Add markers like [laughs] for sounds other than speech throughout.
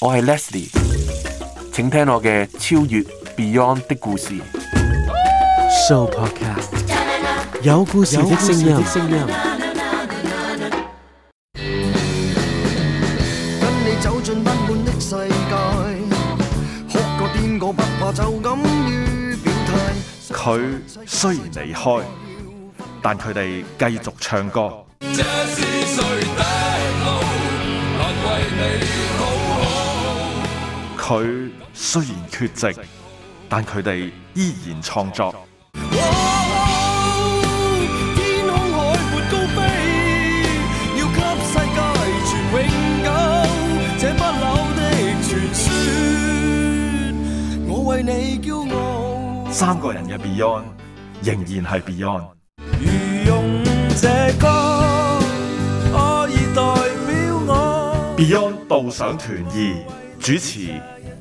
我係 Leslie，請聽我嘅超越 Beyond 的故事。Show podcast 有故事的聲音。跟你走進不滿的世界，哭過癲過不怕，就敢於表態。佢雖然離開，但佢哋繼續唱歌。佢雖然缺席，但佢哋依然創作。三個人嘅 Beyond 仍然係 Beyond。啊、Beyond 道上團二主持。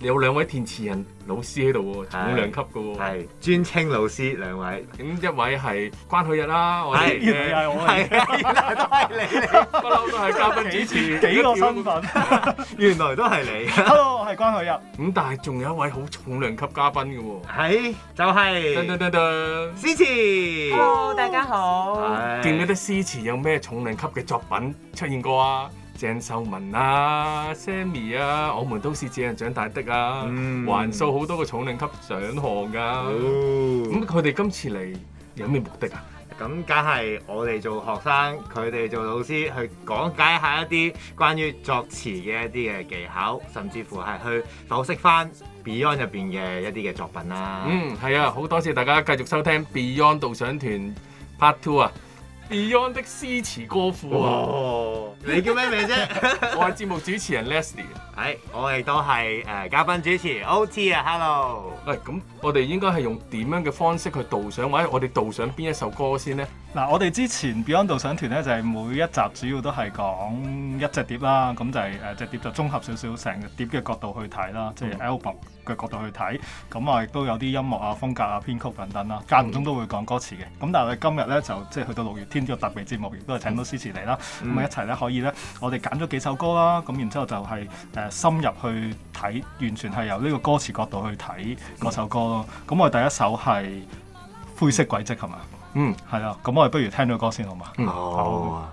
有兩位填詞人老師喺度喎，是重量級嘅喎，係專稱老師兩位，咁、嗯、一位係關海日啦、啊，我係， [laughs] 原來又係我啊，都係你，不嬲都係嘉賓主持，幾個身份，原來都係你，hello 我係關海日，咁、嗯、但係仲有一位好重量級嘉賓嘅喎、哦，係 [laughs] 就係、是，等等等等，詩詞，hello 大家好，是見嗰啲詩詞有咩重量級嘅作品出現過啊？鄭秀文啊、Sammy 啊，我們都是這樣長大的啊，還數好多個重量級獎項噶。咁佢哋今次嚟有咩目的啊？咁梗係我哋做學生，佢哋做老師去講解下一啲關於作詞嘅一啲嘅技巧，甚至乎係去剖析翻 Beyond 入邊嘅一啲嘅作品啦、啊。嗯，係啊，好多謝大家繼續收聽 Beyond 導賞團 Part Two 啊！Beyond 的詩詞歌賦啊，你叫咩名啫？我係節目主持人 Leslie。係、哎，我哋都係誒、呃、嘉賓主持，O T 啊，Hello！喂、哎，咁我哋應該係用點樣嘅方式去導賞？或者我哋導賞邊一首歌先呢？嗱、嗯，我哋之前 Beyond 導賞團咧，就係每一集主要都係講一隻碟啦，咁就係誒隻碟就綜合少少成隻碟嘅角度去睇啦，即係 album 嘅角度去睇，咁啊亦都有啲音樂啊風格啊編曲等等啦，間唔中都會講歌詞嘅。咁但係今日咧就即係去到六月天呢個特別節目，亦都係請到司徒嚟啦，咁啊一齊咧可以咧，我哋揀咗幾首歌啦，咁然之後就係誒。深入去睇，完全係由呢個歌詞角度去睇嗰首歌咯。咁我哋第一首係灰色軌跡係嘛？嗯，係啊，咁我哋不如聽咗歌先好嘛？好啊。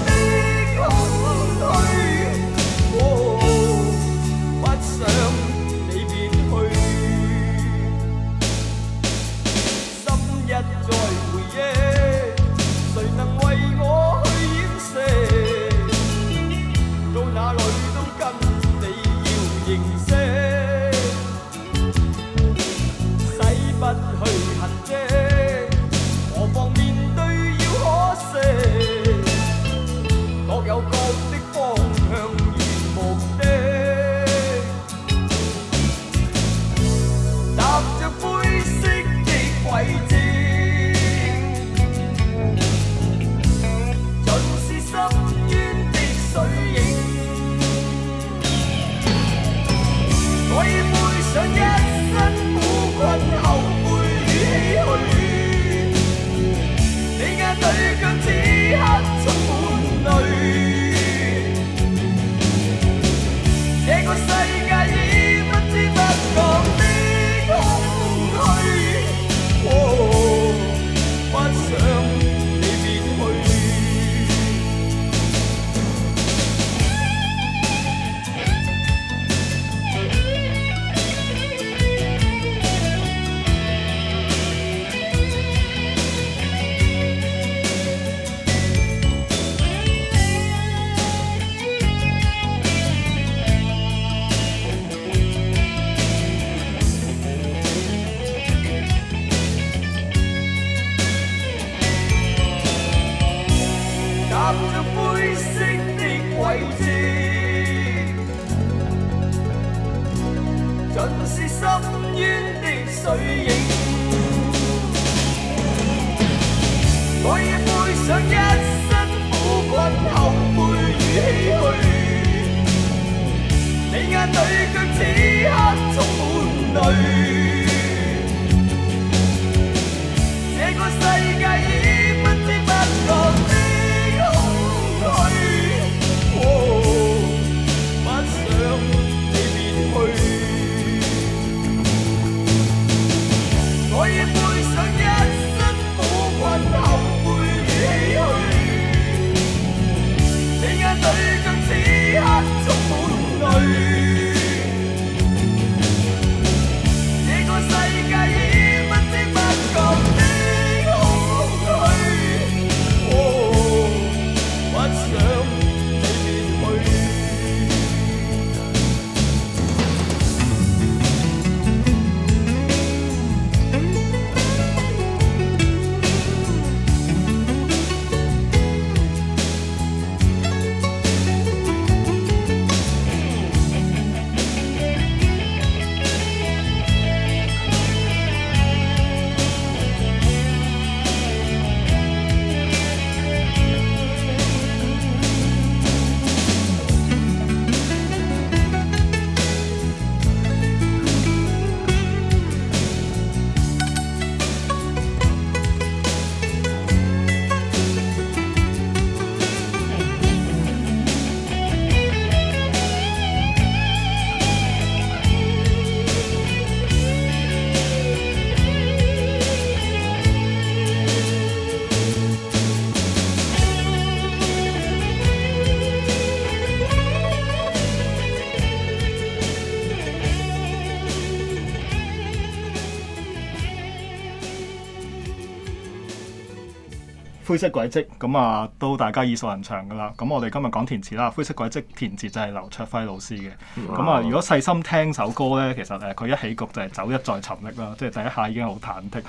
灰色軌跡咁啊，都大家耳熟人詳噶啦。咁我哋今日講填詞啦。灰色軌跡填詞就係劉卓輝老師嘅。咁 Wow. 啊，如果細心聽首歌咧，其實誒、啊、佢一起局就係走一再沉溺啦。即係第一下已經好忐忑。誒、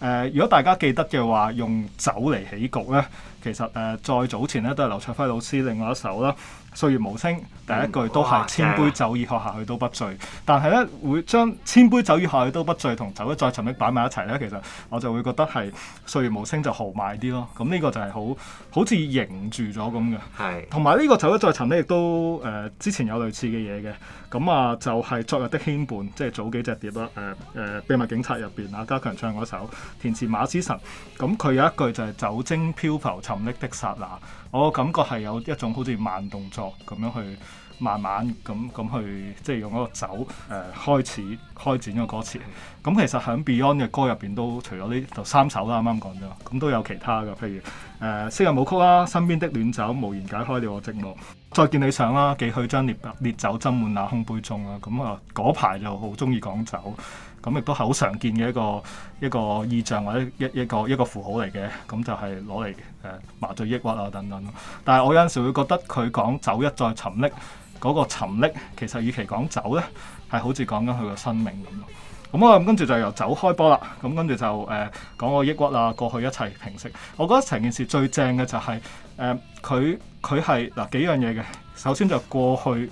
呃，如果大家記得嘅話，用走」嚟起局咧，其實誒、啊、再早前咧都係劉卓輝老師另外一首啦。歲月無聲，第一句都係千杯酒，已喝下去都不醉。哇但係咧，會將千杯酒已喝下去都不醉同酒一再沉溺擺埋一齊咧，其實我就會覺得係歲月無聲就豪邁啲咯。咁、嗯、呢、這個就係好好似凝住咗咁嘅。係是，同埋呢個酒一再沉溺亦都誒、呃，之前有類似嘅嘢嘅。咁啊，就係、是、昨日的牽絆，即係早幾隻碟啦。誒、呃、誒，秘密警察入邊啊，加強唱嗰首，填詞馬思純。咁、嗯、佢有一句就係、是、酒精漂浮沉溺的剎那。我感覺係有一種好似慢動作咁樣去慢慢咁咁去，即係用嗰個酒誒、呃、開始開展個歌詞。咁、嗯、其實響 Beyond 嘅歌入邊都除咗呢就三首啦，啱啱講咗，咁都有其他嘅，譬如誒《昔、呃、日舞曲》啦，《身邊的暖酒》無言解開了我寂寞，《再見你上》啦，《寄去將烈烈酒斟滿那空杯中》啦、啊，咁啊嗰排就好中意講酒。咁亦都係好常見嘅一個一個意象或者一一個一個符號嚟嘅，咁就係攞嚟誒麻醉抑鬱啊等等。但係我有陣時會覺得佢講酒一再沉溺嗰、嗰個沉溺，其實與其講酒咧，係好似講緊佢個生命咁。咁我跟住就由酒開波啦。咁跟住就誒、呃、講我抑鬱啊，過去一切平息。我覺得成件事最正嘅就係誒佢佢係嗱幾樣嘢嘅。首先就過去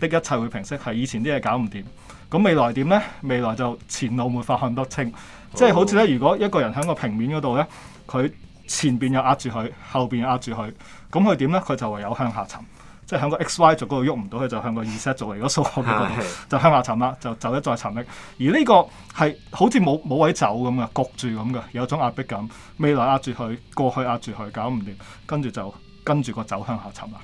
的一切會平息，係以前啲嘢搞唔掂。咁未來點呢？未來就前路沒法看得清，好即係好似咧，如果一個人喺個平面嗰度呢佢前邊又壓住佢，後邊壓住佢，咁佢點呢？佢就唯有向下沉，即係喺個 X Y 軸嗰度喐唔到，佢就向個 Z 做，嚟、啊，個數學嗰度就向下沉啦，就走一再沉溺。而呢個係好似冇冇位走咁嘅，焗住咁嘅，有種壓迫感。未來壓住佢，過去壓住佢，搞唔掂，跟住就跟住個走向下沉啦。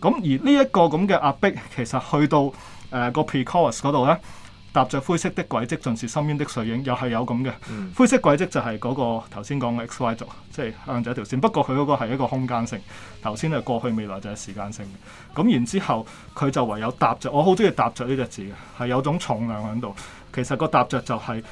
咁而呢一個咁嘅壓迫，其實去到誒、呃呃、個 p r e c o r u s 嗰度呢。呢踏着灰色的軌跡，盡是深淵的水影，又係有咁嘅。嗯、灰色軌跡就係嗰、那個頭先講嘅 X Y 軸，即係向左條線。不過佢嗰個係一個空間性，頭先係過去未來就係時間性。咁然之後佢就唯有踏着。我好中意踏着呢隻字嘅，係有種重量喺度。其實個踏着就係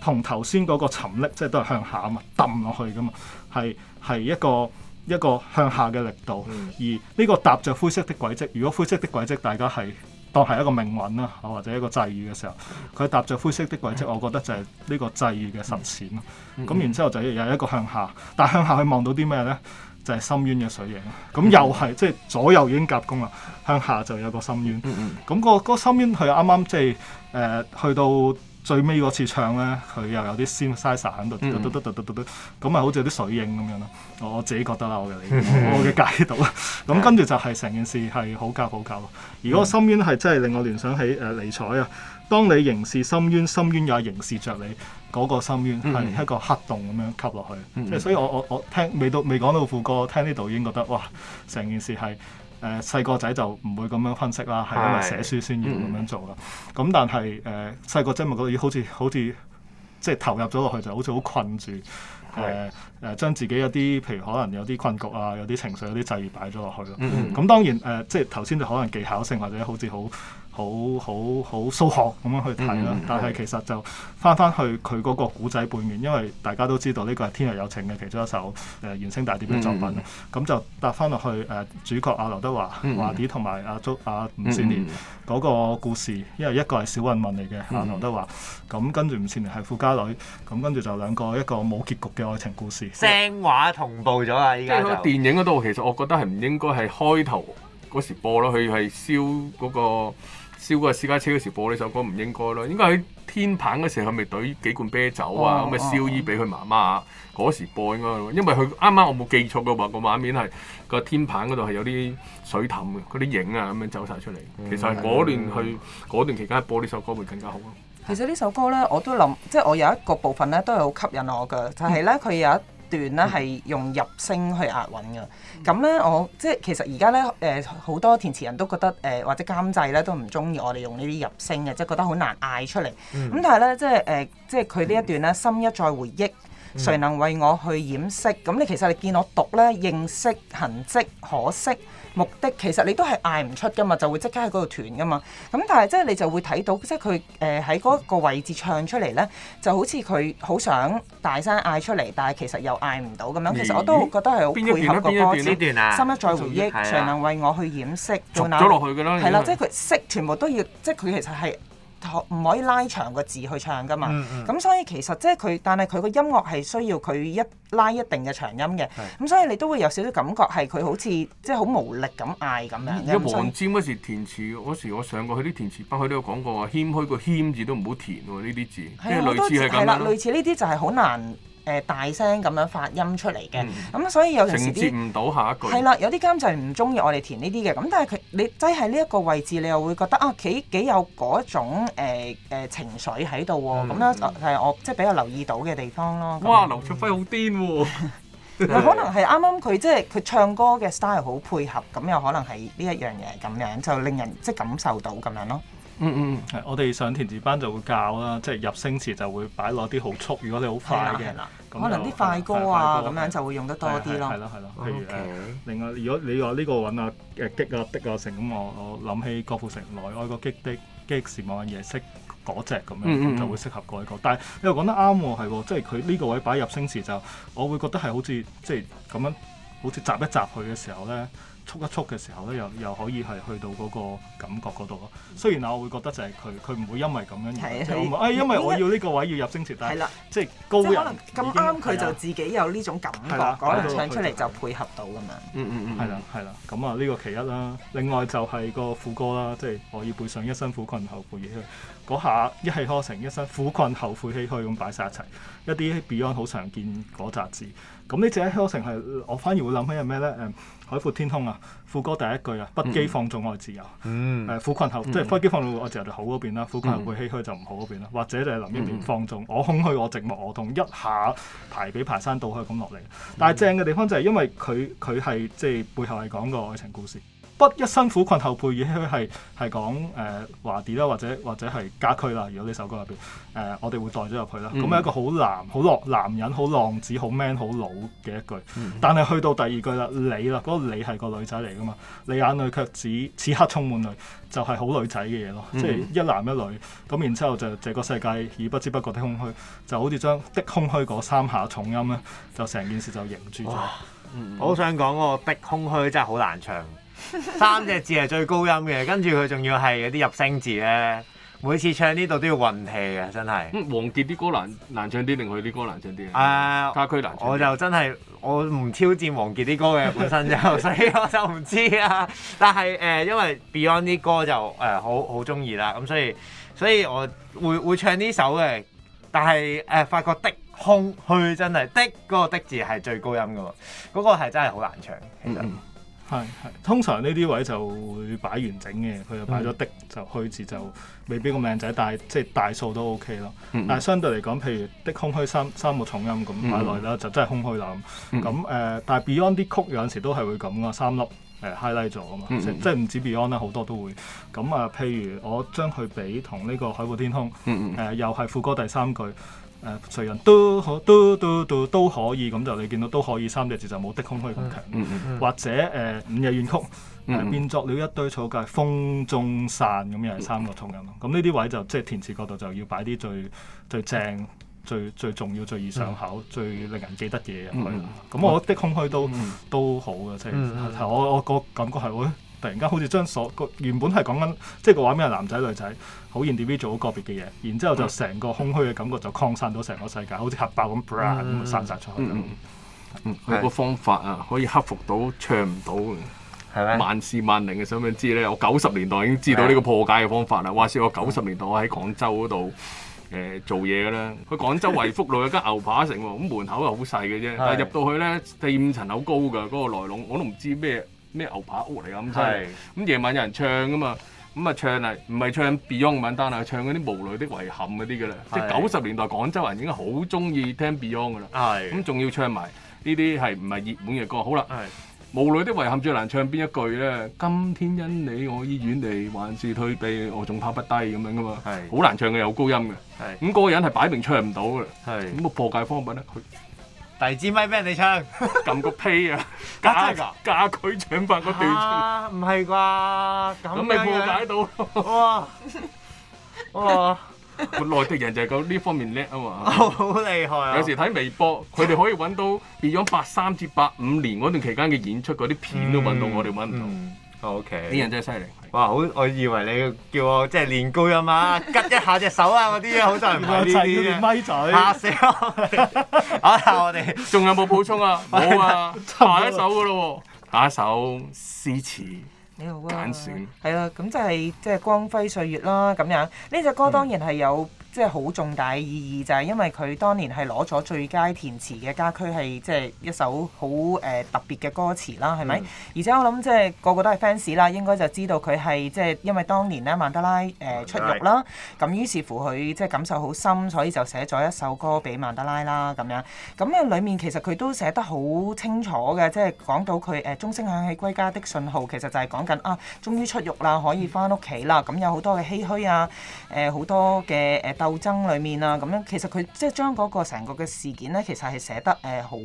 同頭先嗰個沉溺，即、就、係、是、都係向下啊嘛，揼落去噶嘛，係係一個一個向下嘅力度。嗯、而呢個踏着灰色的軌跡，如果灰色的軌跡大家係。當係一個命運啦，或者一個際遇嘅時候，佢搭着灰色的軌跡，我覺得就係呢個際遇嘅實踐咁、嗯、然之後就有一個向下，但向下去望到啲咩咧？就係、是、深淵嘅水影。咁又係即係左右已經夾攻啦，向下就有個深淵。咁、嗯嗯那個嗰、那個、深淵佢啱啱即係誒去到。最尾嗰次唱咧，佢又有啲 synthesizer 喺度，嘟嘟嘟嘟嘟嘟，咁咪好似啲水影咁樣咯。我自己覺得啦，我嘅理解 [laughs] 我嘅解讀。咁 [laughs] 跟住就係成件事係好夾好夾咯。而個深淵係真係令我聯想起誒尼采啊，當你凝視深淵，深淵又係凝視着你嗰、那個深淵，係一個黑洞咁樣吸落去。即係、嗯嗯、所以我我我聽未到未講到副歌，聽呢度已經覺得哇，成件事係～誒細個仔就唔會咁樣分析啦，係因為啊寫書先要咁樣做咯。咁 [noise] 但係誒細個真係覺得咦好似好似即係投入咗落去就好似好困住誒誒、 [noise] 呃啊，將自己有啲譬如可能有啲困局啊，有啲情緒有啲際遇擺咗落去咯。咁 [noise] 當然誒、呃，即係頭先就可能技巧性或者好似好。好好好，數學咁樣去睇啦、啊。 [music] 但係其實就翻翻去佢嗰個古仔背面，因為大家都知道呢個係《天若有情》嘅其中一首誒、呃、原聲大碟嘅作品。咁 [music] 就搭翻落去誒、呃、主角阿劉德華 [music] 華 Dee 同埋阿祝阿、啊、吳倩蓮嗰個故事，因為一個係小混混嚟嘅啊，劉德華，咁跟住吳倩蓮係富家女，咁跟住就兩個一個冇結局嘅愛情故事。聲畫同步咗啦！依家就電影嗰度，其實我覺得係唔應該係開頭嗰時播咯，佢係燒嗰、那個。燒個私家車嗰時播呢首歌唔應該咯，應該喺天棚嗰時佢咪攤幾罐啤酒啊，咁咪、哦、燒衣俾佢媽媽。嗰、哦、時播應、啊、該，因為佢啱啱我冇記錯嘅話，個畫面係個天棚嗰度係有啲水氹嘅，嗰啲影啊咁樣走晒出嚟。嗯、其實係嗰段去嗰、嗯、段期間播呢首歌會更加好咯、啊。其實呢首歌咧，我都諗即係我有一個部分咧都係好吸引我嘅，就係咧佢有一，嗯段咧係用入聲去押韻嘅，咁咧我即係其實而家咧誒好多填詞人都覺得誒、呃、或者監製咧都唔中意我哋用呢啲入聲嘅，即係覺得好難嗌出嚟。咁、嗯、但係咧即係誒、呃、即係佢呢一段咧，心一再回憶，誰能為我去掩飾？咁、嗯、你其實你見我讀咧，認識痕跡，可惜。目的其實你都係嗌唔出㗎嘛，就會即刻喺嗰度斷㗎嘛。咁、嗯、但係即係你就會睇到，即係佢誒喺嗰個位置唱出嚟呢，就好似佢好想大聲嗌出嚟，但係其實又嗌唔到咁樣。其實我都覺得係好配合個歌詞，深一，、啊一，啊、一再回憶，才、啊、能為我去掩飾。仲落去㗎啦，係啦、啊，為即係佢色全部都要，即係佢其實係。唔可以拉長個字去唱㗎嘛，咁、mm hmm. 嗯、所以其實即係佢，但係佢個音樂係需要佢一拉一定嘅長音嘅，咁是、嗯、所以你都會有少少感覺係佢好似即係好無力咁嗌咁樣。一黃沾黃霑嗰時填詞嗰、嗯、以時，我上過佢啲填詞班，佢都有講過話謙虛個謙字都唔好填喎、啊，呢啲字，的因為類似係咁咯。類似呢啲就係好難，誒大聲咁樣發音出嚟嘅，咁、嗯嗯、所以有時承接唔到下一句。係啦，有啲監製唔中意我哋填呢啲嘅，咁但係佢你擠喺呢一個位置，你又會覺得啊幾幾有嗰種誒、呃呃、情緒喺度喎，咁樣係我即係、就是、比較留意到嘅地方咯。哇，樣劉卓輝好癲喎、啊！ [laughs] [laughs] 可能係啱啱佢即係佢唱歌嘅 style 好配合，咁又可能係呢一樣嘢咁樣，就令人即係、就是、感受到咁樣咯。嗯嗯，係、mm，hmm. 我哋上填字班就會教啦，即、就、係、是、入聲詞就會擺落啲好速，如果你好快嘅，就可能啲快歌啊咁的樣就會用得多啲咯。係咯係咯，譬如另外如果你話呢個揾阿誒激啊的啊成咁，我我諗起郭富城內外個激的，激是望乜嘢識嗰隻咁樣，mm hmm. 就會適合嗰一、這個。但係你又講得啱喎，係喎，即係佢呢個位擺入聲詞就，我會覺得係好似即係咁樣，好似集一集去嘅時候咧。促一速嘅時候咧，又又可以係去到嗰個感覺嗰度咯。雖然我會覺得就係佢佢唔會因為咁樣而，誒，因為我要呢個位要入升跌但係啦，即係高。可能咁啱，佢就自己有呢種感覺，可能唱出嚟就配合到噶嘛。嗯，係啦係啦。咁啊，呢個其一啦。另外就係個副歌啦，即係我要背上一身苦困後悔唏噓。嗰下一氣呵成，一身苦困後悔唏噓，咁擺晒一齊。一啲 Beyond 好常見嗰扎字，咁呢隻一氣呵成係我反而會諗起係咩咧？誒。海闊天空啊！副歌第一句啊，不羈放縱愛自由。誒、嗯呃，苦困後、嗯、即係不羈放縱愛自由就好嗰邊啦，苦困後會唏噓就唔好嗰邊啦。或者就係林憶蓮放縱，嗯、我空虛，我寂寞，我痛，一下排比排山倒海咁落嚟。但係正嘅地方就係因為佢佢係即係背後係講個愛情故事。不一，一生苦困後背，而佢係係講誒、呃、華地啦，或者或者係家駒啦。如果呢首歌入邊，誒、呃、我哋會代咗入去啦。咁、嗯、一個好男好浪男人，好浪子，好 man，好老嘅一句。但係去到第二句啦，你啦，嗰個你係個女仔嚟㗎嘛？你眼淚卻只此刻充滿淚，就係、是、好女仔嘅嘢咯。即係、嗯、一男一女咁，然之後就整個世界已不知不覺的空虛，就好似將的空虛嗰三下重音咧，就成件事就凝住咗。我好想講嗰個的空虛真係好難唱。三隻字係最高音嘅，跟住佢仲要係嗰啲入聲字咧，每次唱呢度都要運氣嘅，真係。王傑啲歌難難唱啲，定佢啲歌難唱啲啊？啊，家區難唱，我就真係我唔挑戰王傑啲歌嘅本身 [laughs] 就，啊呃就呃嗯所，所以我就唔知啊。但係誒，因為 Beyond 啲歌就誒好好鍾意啦，咁所以所以我會會唱呢首嘅。但係誒，發覺的空去真係的嗰個的字係最高音㗎喎，嗰個係真係好難唱，其實。係係，通常呢啲位就會擺完整嘅，佢就擺咗的、嗯、就虛字就未必咁靚仔，但係即係大數都 OK 咯。嗯、但係相對嚟講，譬如的空虛三三個重音咁擺落啦，就真係空虛啦。咁咁、嗯呃、但係 Beyond 啲曲有陣時都係會咁啊，三粒誒、呃、highlight 咗啊嘛，嗯就是、即係唔止 Beyond 啦，好多都會咁啊、呃。譬如我將佢比同呢個《海闊天空》嗯，誒、嗯呃、又係副歌第三句。誒，誰人都可都都都都可以咁，就你見到都可以三隻字，就冇的空虛咁強。或者誒，五日怨曲變作了一堆草芥風中散，咁又係三個重音，咁呢啲位就即係填詞角度就要擺啲最最正、最最重要、最易上口、最令人記得嘢入去。咁我的空虛都都好嘅，即係我我個感覺係會。突然間好似將所個原本係講緊，即係個畫面係男仔女仔，好 individual 做好個別嘅嘢，然之後就成個空虛嘅感覺就擴散到成個世界，好似核爆咁，咁散晒出去。佢嗯個、嗯、是方法啊，可以克服到唱唔到嘅，係咪嗎？萬事萬靈嘅，想唔想知咧？我九十年代已經知道呢個破解嘅方法啦。哇是，話說我九十年代我喺廣州嗰度誒做嘢啦，佢廣州惠福路 [laughs] 有間牛扒城喎，咁門口又好細嘅啫，是但係入到去咧，四五層好高噶，嗰、那個來龍我都唔知咩。咩牛扒屋嚟啊咁真係，咁夜晚有人唱噶嘛，咁啊唱啊，唔係唱 Beyond 唔簡單啊，唱嗰啲《無淚的遺憾》嗰啲噶啦，即係九十年代廣州人已經好中意聽 Beyond 噶啦，咁仲要唱埋呢啲係唔係熱門嘅歌？好啦，《無淚的遺憾》最難唱邊一句咧？今天因你我已遠離還是退避，我仲怕不低咁樣噶嘛，好難唱嘅有高音嘅，咁嗰個人係擺明唱唔到啦，咁啊破解方法咧佢。遞支咪俾人哋唱，撳個屁啊！ [laughs] 假噶，嫁佢長髮個段，唔係啩？咁你破解到咯？哇！個 [laughs] [laughs] [laughs] 內地人就係講呢方面叻啊嘛！好厲害啊！有時睇微博，佢哋 [laughs] 可以揾到 [laughs] 變咗八三至八五年嗰段期間嘅演出嗰啲片都揾到，我到、嗯，我哋揾唔到。OK，啲人真係犀利。哇，好！我以為你叫我即係練高音啊，吉、就是、一下隻手啊，嗰啲啊，好多人係呢啲啊。嘴，嚇死我！ [laughs] [laughs] 啊，我哋仲有冇補充啊？冇 [laughs] 啊，下一首噶咯喎。下一首詩詞，簡選。係啊，咁死、啊、就係即係光輝歲月啦。咁樣呢隻歌當然係有、嗯。即係好重大意義就係、是、因為佢當年係攞咗最佳填詞嘅家駒，係即係一首好誒、呃、特別嘅歌詞啦，係咪？嗯、而且我諗即係個個都係 fans 啦，應該就知道佢係即係因為當年咧曼德拉誒、呃、出獄啦，咁於是乎佢即係感受好深，所以就寫咗一首歌俾曼德拉啦咁樣。咁嘅裡面其實佢都寫得好清楚嘅，即係講到佢誒鐘聲響起歸家的訊號，其實就係講緊啊，終於出獄啦，可以返屋企啦。咁有好多嘅唏噓啊，誒、呃、好多嘅誒。鬥爭裡面啊，咁樣其實佢即係將嗰個成個嘅事件咧，其實係寫得誒好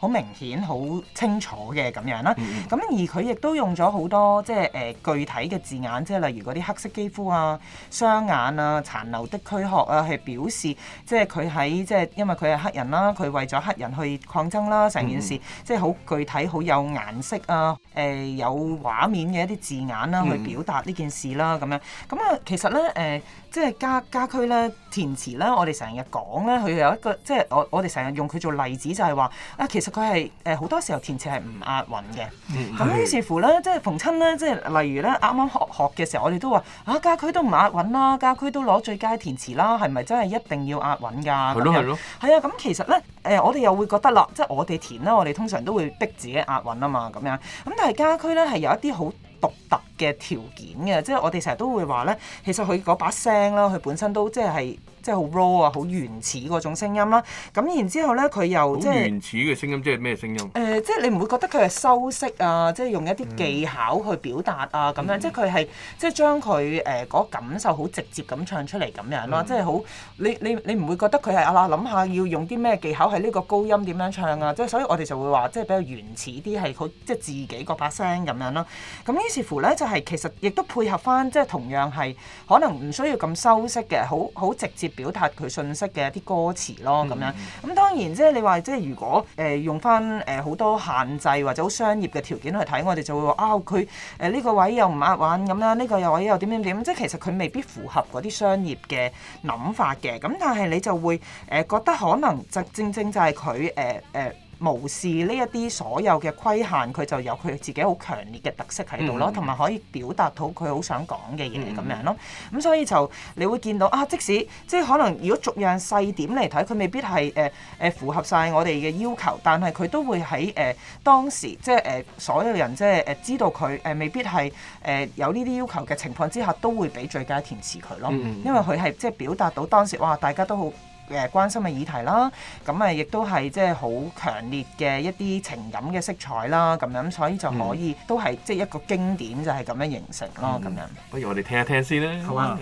好明顯、好清楚嘅咁樣啦。咁、嗯、而佢亦都用咗好多即係誒具體嘅字眼，即係例如嗰啲黑色肌膚啊、雙眼啊、殘留的軀殼啊，去表示即係佢喺即係因為佢係黑人啦，佢為咗黑人去抗爭啦。成件事即係好具體、好有顏色啊誒、呃、有畫面嘅一啲字眼啦、啊，嗯、去表達呢件事啦咁樣。咁、嗯、啊，其實咧誒即係家家區咧。填詞咧，我哋成日講咧，佢有一個即係我我哋成日用佢做例子就，就係話啊，其實佢係誒好多時候填詞係唔押韻嘅。咁、嗯、於是乎咧，即係逢親咧，即係例如咧，啱啱學學嘅時候，我哋都話啊，家居都唔押韻啦，家居都攞最佳填詞啦，係咪真係一定要押韻㗎？係咯，係咯，係啊樣！咁、嗯、其實咧，誒、呃、我哋又會覺得啦，即係我哋填啦，我哋通常都會逼自己押韻啊嘛，咁樣。咁但係家居咧係有一啲好獨特。嘅條件嘅，即係我哋成日都會話咧，其實佢嗰把聲啦，佢本身都即係即係好 raw 啊，好原始嗰種聲音啦。咁然之後咧，佢又即係好原始嘅聲音，即係咩聲音？誒，即係你唔會覺得佢係修飾啊，即係用一啲技巧去表達啊，咁樣即係佢係即係將佢誒嗰感受好直接咁唱出嚟咁樣咯，即係好你你你唔會覺得佢係啊諗下要用啲咩技巧喺呢個高音點樣唱啊？即係所以我哋就會話即係比較原始啲，係好即係自己嗰把聲咁樣咯。咁於是乎咧就。係，其實亦都配合翻，即係同樣係，可能唔需要咁修飾嘅，好好直接表達佢信息嘅一啲歌詞咯，咁樣。咁、嗯、當然即係你話，即、就、係、是、如果誒、呃、用翻誒好多限制或者好商業嘅條件去睇，我哋就會話啊，佢誒呢個位又唔押韻咁啦，呢、這個位又位又點點點，即係其實佢未必符合嗰啲商業嘅諗法嘅。咁但係你就會誒、呃、覺得可能就正，正正就係佢誒誒。呃呃無視呢一啲所有嘅規限，佢就有佢自己好強烈嘅特色喺度咯，同埋、嗯、可以表達到佢好想講嘅嘢咁樣咯。咁所以就你會見到啊，即使即係可能如果逐樣細點嚟睇，佢未必係誒誒符合晒我哋嘅要求，但係佢都會喺誒、呃、當時即係誒所有人即係誒知道佢誒、呃、未必係誒、呃、有呢啲要求嘅情況之下，都會俾最佳填詞佢咯，嗯嗯、因為佢係即係表達到當時哇大家都好。誒關心嘅議題啦，咁誒亦都係即係好強烈嘅一啲情感嘅色彩啦，咁樣，所以就可以、嗯、都係即係一個經典就係咁樣形成咯，咁、嗯、樣。不如我哋聽一聽先啦。好啊吧，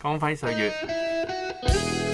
光輝歲月。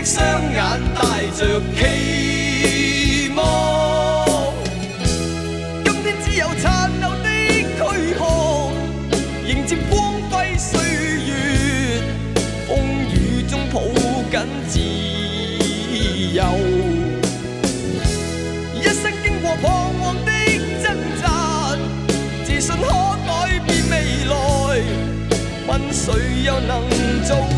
的雙眼帶着期望，今天只有殘留的軀殼迎接光輝歲月。風雨中抱緊自由，一生經過彷徨的掙扎，自信可改變未來。問誰又能做？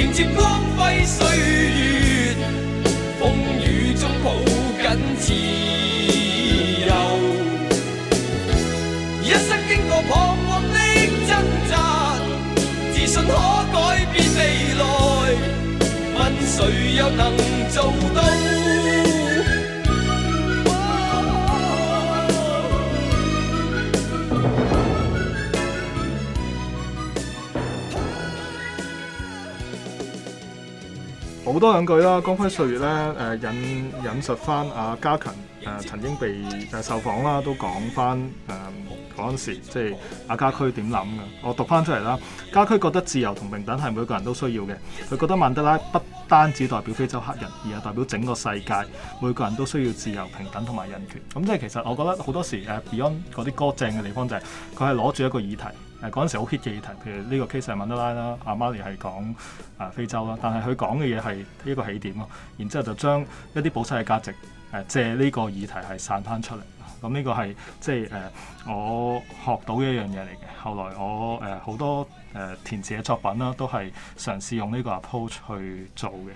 迎接光輝歲月。好多兩句啦，光輝歲月咧，誒引引述翻阿家駒誒、呃、曾經被誒受訪啦，都講翻誒嗰陣時，即係阿家駒點諗嘅。我讀翻出嚟啦，家駒覺得自由同平等係每個人都需要嘅。佢覺得曼德拉不單止代表非洲黑人，而係代表整個世界，每個人都需要自由、平等同埋人權。咁即係其實我覺得好多時誒、啊、Beyond 嗰啲歌正嘅地方就係佢係攞住一個議題。誒嗰陣時好 hit 嘅議題，譬如呢個 case 係曼德拉啦，阿、啊、馬尼係講啊非洲啦，但係佢講嘅嘢係一個起點咯，然之後就將一啲保守嘅價值誒、啊、借呢個議題係散翻出嚟，咁呢個係即係誒我學到嘅一樣嘢嚟嘅。後來我誒好、啊、多誒、啊、填詞嘅作品啦、啊，都係嘗試用呢個 approach 去做嘅。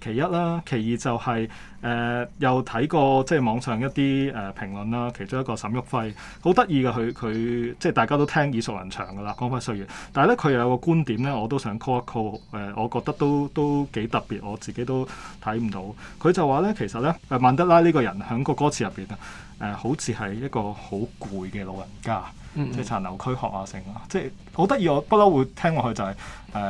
其一啦，其二就係、是、誒、呃、又睇過即係網上一啲誒、呃、評論啦，其中一個沈旭輝好得意嘅，佢佢即係大家都聽耳熟能詳嘅啦，光輝歲月。但係咧佢有個觀點咧，我都想 call 一 call 誒、呃，我覺得都都幾特別，我自己都睇唔到。佢就話咧，其實咧誒曼德拉呢個人喺個歌詞入邊誒，好似係一個好攰嘅老人家。嗯嗯，即係殘留軀殼啊，成啊！即係好得意，我不嬲會聽落去就係誒，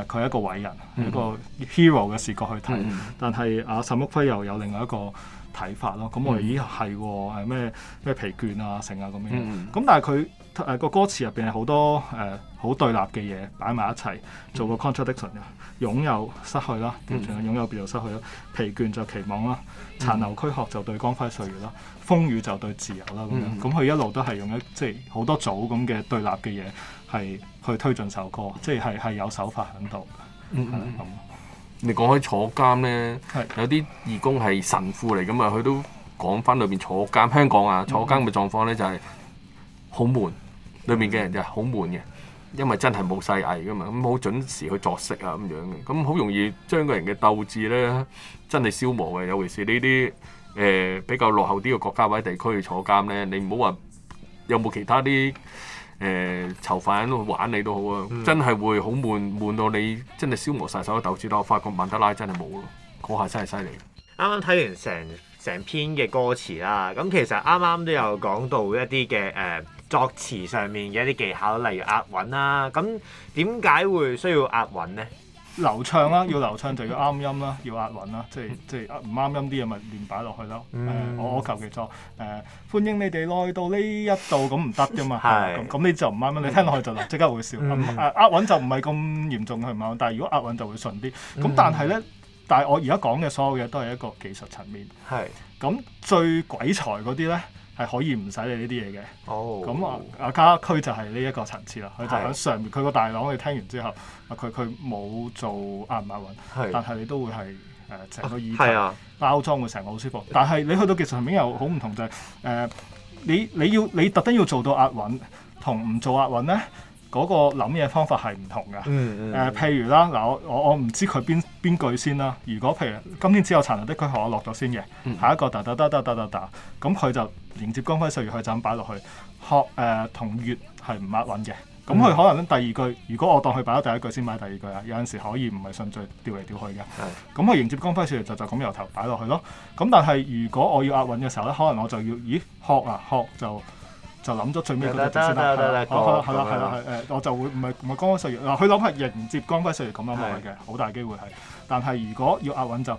佢係一個偉人，嗯嗯，一個 hero 嘅視角去睇。嗯嗯，但係阿、啊、沈旭暉又有另外一個睇法咯。咁我、嗯、咦係喎，係咩咩疲倦啊，成啊咁樣。咁但係佢誒個歌詞入邊係好多誒好、呃、對立嘅嘢擺埋一齊，做個 contradiction 嘅擁有失去啦，跟、啊、住、嗯嗯、擁有變做失去咯、啊，疲倦就期望啦，殘留軀殼就對光輝歲月啦。風雨就對自由啦，咁樣，咁、嗯、佢一路都係用一即係好多組咁嘅對立嘅嘢，係去推進首歌，即係係有手法喺度、嗯。嗯嗯你講開坐監咧，是有啲義工係神父嚟，咁嘛，佢都講翻裏邊坐監。香港啊，坐監嘅狀況咧就係好悶，裏、嗯、面嘅人就係好悶嘅，因為真係冇世藝噶嘛，咁、嗯、好準時去作息啊咁樣嘅，咁好容易將個人嘅鬥志咧真係消磨嘅，尤其是呢啲。誒、呃、比較落後啲嘅國家或者地區去坐監咧，你唔好話有冇其他啲誒、呃、囚犯玩你都好啊，嗯、真係會好悶悶到你真係消磨晒所有鬥志啦！我發覺曼德拉真係冇咯，嗰下真係犀利。啱啱睇完成成篇嘅歌詞啦，咁其實啱啱都有講到一啲嘅誒作詞上面嘅一啲技巧，例如押韻啦、啊。咁點解會需要押韻咧？流暢啦，要流暢就要啱音啦，要押韻啦，即係即係唔啱音啲嘢咪亂擺落去咯、嗯呃。我我求其作誒，歡迎你哋來到呢一度，咁唔得啫嘛。咁你是、嗯、就唔啱啦，你聽落去就立即刻會笑。押韻、嗯啊、就唔係咁嚴重係嘛，但係如果押韻就會順啲。咁、嗯嗯、但係咧，但係我而家講嘅所有嘢都係一個技術層面。係是。咁最鬼才嗰啲咧？係可以唔使理呢啲嘢嘅，咁、oh. 啊啊家駒就係呢一個層次啦。佢就喺上面，佢的個大朗你聽完之後，佢佢冇做押唔押韻，的但係你都會係誒成個耳罩、啊、包裝會成個好舒服。但係你去到技術層面又好唔同就係、是、誒、呃、你你要你特登要做到押韻同唔做押韻咧。嗰個諗嘢方法係唔同嘅，誒、嗯呃，譬如啦，嗱，我我我唔知佢邊邊句先啦。如果譬如今天只有殘留的軀殼我落咗先嘅，嗯、下一個噠噠噠噠噠噠」打打打打打打，得、嗯，咁佢就迎接光輝歲月，佢就咁擺落去，殼誒、呃、同月係唔押韻嘅。咁、嗯、佢、嗯、可能第二句，如果我當佢擺咗第一句先，擺第二句啊，有陣時可以唔係順序調嚟調去嘅。咁佢、嗯、迎接光輝歲月就就咁由頭擺落去咯。咁但係如果我要押韻嘅時候咧，可能我就要，咦，殼啊殼就。就諗咗最尾嘅嘢先啦，係啦係啦係啦，誒我就會唔係唔係光輝歲月嗱，佢諗係迎接光輝歲月咁樣去嘅，好大機會係。但係如果要押韻就誒，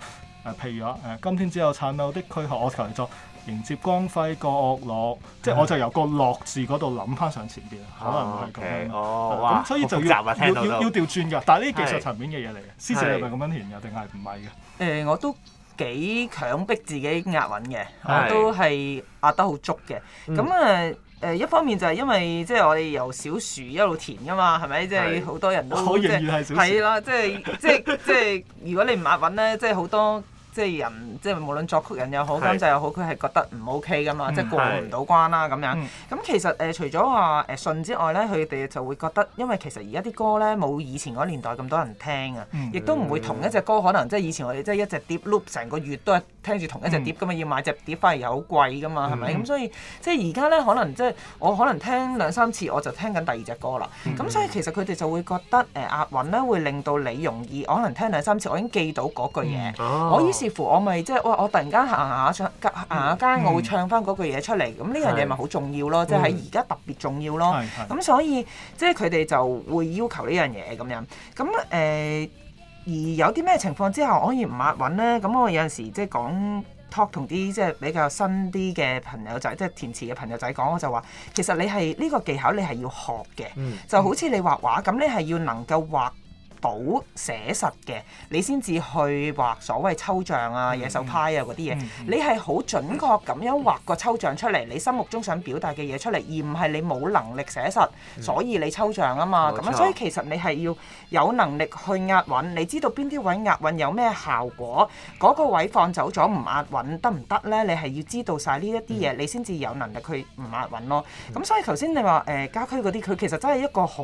譬如啊誒，今天只有殘留的軀殼，我嚟作迎接光輝個落，即係我就由個落字嗰度諗返上前邊，可能會係咁樣咯。咁所以就要要要調轉㗎，但係呢啲技術層面嘅嘢嚟嘅。師姐係咪咁樣填嘅，定係唔係嘅？誒，我都幾強迫自己押韻嘅，我都係押得好足嘅。咁啊～誒、呃、一方面就係因為即係我哋由小樹一路填㗎嘛，係咪？即係好多人都即係是係 [laughs] 啦，即係即係即係，如果你唔押韻咧，即係好多。即係人，即係無論作曲人又好，監製又好，佢係覺得唔 OK 噶嘛，即係過唔到關啦咁樣。咁其實誒除咗話誒順之外咧，佢哋就會覺得，因為其實而家啲歌咧冇以前嗰年代咁多人聽啊，亦都唔會同一隻歌，可能即係以前我哋即係一隻碟 loop 成個月都係聽住同一隻碟咁嘛，要買隻碟反而又好貴噶嘛，係咪？咁所以即係而家咧，可能即係我可能聽兩三次，我就聽緊第二隻歌啦。咁所以其實佢哋就會覺得誒押韻咧，會令到你容易可能聽兩三次，我已經記到嗰句嘢，似乎我咪即係哇！我突然間行下唱行下街，我會唱翻嗰句嘢出嚟。咁呢、嗯、樣嘢咪好重要咯！即係喺而家特別重要咯。咁、嗯、所以即係佢哋就會要求呢樣嘢咁樣，咁、嗯、誒、呃、而有啲咩情況之後可以唔押韻咧？咁我有陣時即係講 talk 同啲即係比較新啲嘅朋友仔，即係填詞嘅朋友仔講，我就話其實你係呢個技巧，你係要學嘅。就好似你畫畫咁，你係要能夠畫。到寫實嘅，你先至去畫所謂抽象啊、嗯、野獸派啊嗰啲嘢。嗯、你係好準確咁樣畫個抽象出嚟，你心目中想表達嘅嘢出嚟，而唔係你冇能力寫實，所以你抽象啊嘛。咁所以其實你係要有能力去押韻，你知道邊啲位押韻有咩效果，嗰、嗰個位放走咗唔押韻得唔得呢？你係要知道晒呢一啲嘢，嗯、你先至有能力去唔押韻咯。咁、嗯、所以頭先你話誒、呃呃、家區嗰啲，佢其實真係一個好。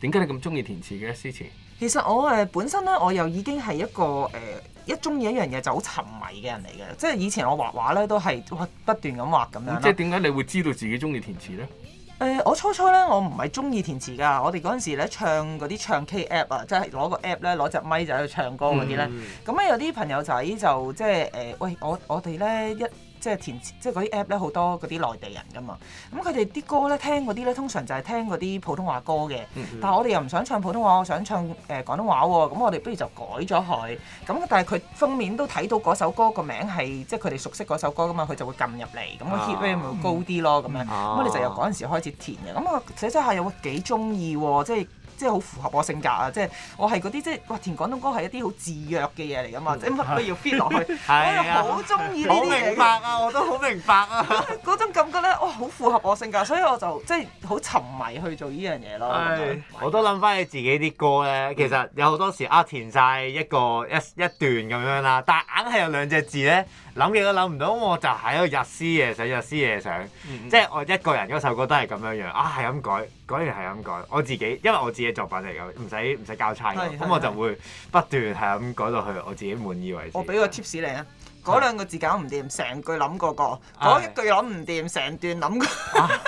點解你咁中意填詞嘅思琪？其實我誒、呃、本身咧，我又已經係一個誒、呃、一中意一樣嘢就好沉迷嘅人嚟嘅，即係以前我畫畫咧都係不斷咁畫咁樣。嗯、即係點解你會知道自己中意填詞咧？誒、呃，我初初咧，我唔係中意填詞噶。我哋嗰陣時咧，唱嗰啲唱 K app 啊，即係攞個 app 咧，攞隻咪就喺度唱歌嗰啲咧。咁咧、嗯、有啲朋友仔就即係誒、呃，喂我我哋咧一。即係填詞，即係嗰啲 app 咧好多嗰啲內地人㗎嘛，咁佢哋啲歌咧聽嗰啲咧通常就係聽嗰啲普通話歌嘅，mm hmm。但係我哋又唔想唱普通話，我想唱誒、呃、廣東話喎，咁我哋不如就改咗佢，咁但係佢封面都睇到嗰首歌個名係即係佢哋熟悉嗰首歌㗎嘛，佢就會撳入嚟，咁、個 hit rate 咪、oh，會高啲咯咁樣，咁我哋就由嗰陣時開始填嘅，咁我寫寫下又幾鍾意喎，即係。即係好符合我性格啊！即係我係嗰啲即係哇，填廣東歌係一啲好自虐嘅嘢嚟㗎嘛，即係乜都要 fit 落去。 [laughs] 我又好中意啲嘢， [laughs] 明白啊！我都好明白啊！嗰種感覺咧，哇，好符合我性格，所以我就即係好沉迷去做呢唉樣嘢咯。我都諗翻起自己啲歌咧，嗯、其實有好多時啊，填晒一個一一段咁樣啦，但係硬係有兩隻字咧。諗嘢都諗唔到，我就喺度日思夜想，日思夜想，嗯、即係我一個人嗰首歌都係咁樣樣啊，係咁改，改完係咁改。我自己因為我自己作品嚟嘅，唔使唔使交差嘅，咁我就會不斷係咁改到去，我自己滿意為止。我俾個 tips 你啊，嗰兩個字搞唔掂，成句諗嗰個，嗰是一句諗唔掂，成段諗。啊。 [laughs]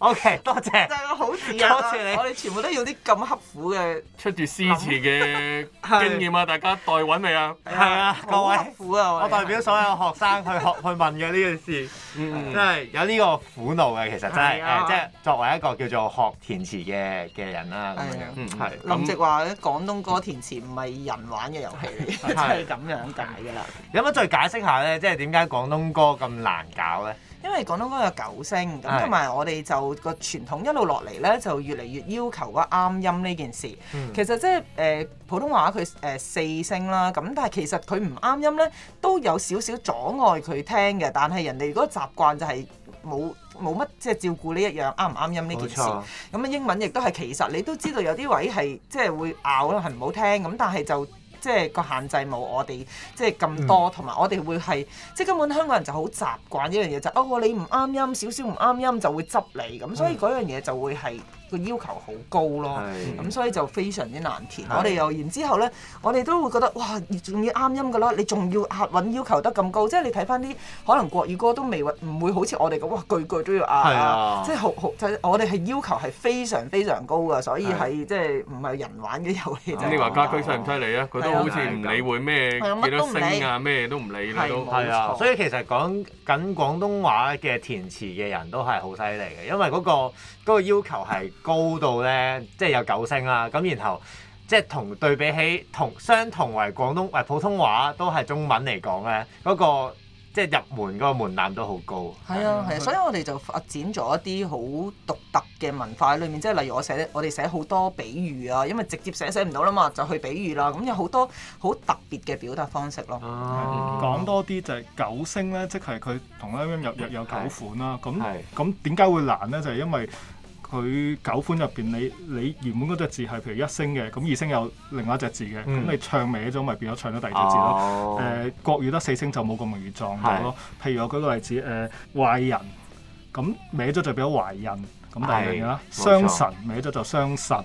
O K，多謝，真係好自由啦！多謝你。我哋全部都要啲咁刻苦嘅出住詩詞嘅經驗啊！大家代揾未啊？係啊，各位，辛苦啊，我代表所有學生去學去問嘅呢件事，真係有呢個苦惱嘅，其實真係即係作為一個叫做學填詞嘅嘅人啦，咁樣係林夕話廣東歌填詞唔係人玩嘅遊戲，就係咁樣解㗎啦。有冇再解釋下咧？即係點解廣東歌咁難搞咧？因為廣東話係九聲，咁同埋我哋就個傳統一路落嚟呢，就越嚟越要求嗰啱音呢件事。其實即係，呃，普通話佢，呃，四聲啦，咁但係其實佢唔啱音呢，都有少少阻礙佢聽嘅。但係人哋如果習慣就係冇冇乜即係照顧呢一樣啱唔啱音呢件事。咁啊冇錯。英文亦都係其實你都知道有啲位係即係會拗啦，係唔好聽咁，但係就。即係個限制冇我哋即係咁多，同埋、嗯、我哋會係即係根本香港人就好習慣一樣嘢，就、哦，你唔啱音少少唔啱音就會執你，咁所以嗰樣嘢就會係。個要求好高咯，咁是、嗯、所以就非常之難填。是我哋又然之後呢，我哋都會覺得哇，仲要啱音㗎啦，你仲要押韻要求得咁高，即係你睇返啲可能國語歌都未唔會好似我哋咁哇句句都要押、啊啊、即係好好就我哋係要求係非常非常高㗎，所以係是即係唔係人玩嘅遊戲，你話家居犀唔犀利啊？佢都好似唔理會咩幾多聲啊咩都唔理啦，係啊。所以其實講緊廣東話嘅填詞嘅人都係好犀利嘅，因為嗰、那個。嗰個要求係高到咧，即係有九聲啦、啊。咁然後即係同對比起同相同為廣東誒普通話都係中文嚟講咧，嗰、那個即係入門嗰個門檻都好高。係啊，係啊，啊啊所以我哋就發展咗一啲好獨特嘅文化喺裏面，即係例如我寫我哋寫好多比喻啊，因為直接寫寫唔到啦嘛，就去比喻啦。咁有好多好特別嘅表達方式咯。講、啊嗯、多啲就係、是、九聲咧，即係佢同一樣入入有九款啦、啊。咁咁點解會難咧？就係、是、因為佢九款入邊，你你原本嗰隻字係譬如一聲嘅，咁二聲有另外一隻字嘅，咁、嗯、你唱歪咗，咪變咗唱咗第二隻字咯。誒、哦呃、國語得四聲就冇咁容易撞到咯。的譬如我舉個例子，誒、呃、壞人，咁歪咗就變咗懷孕，咁第二樣啦。傷神歪咗就傷神。錯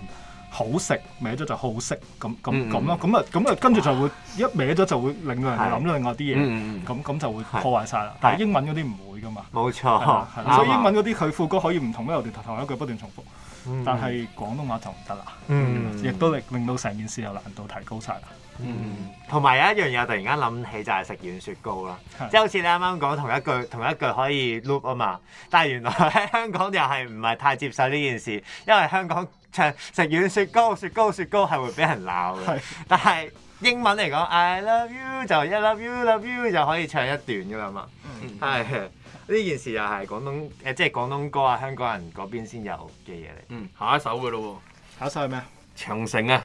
好食，歪咗就好食，咁咁咁咯，咁啊咁啊，跟住就會哇一歪咗就會令到人哋諗到另外啲嘢，咁咁、嗯、就會破壞晒啦。是但係英文嗰啲唔會噶嘛，冇錯。吧所以英文嗰啲佢副歌可以唔同咩？又同同一句不斷重複，嗯、但係廣東話就唔得啦，亦、嗯嗯、都令令到成件事有難度提高晒啦。嗯，同埋有一樣嘢我突然間諗起就係食軟雪糕啦，是即係好似你啱啱講同一句同一句可以 loop 啊嘛，但係原來喺香港又係唔係太接受呢件事，因為香港唱食軟雪糕雪糕雪糕係會俾人鬧嘅，是但係英文嚟講 I love you 就 I love you love you 就可以唱一段噶啦嘛，係呢、嗯、件事又係廣東誒即係廣東歌啊香港人嗰邊先有嘅嘢嚟。下一首嘅咯喎，下一首係咩啊？長城啊！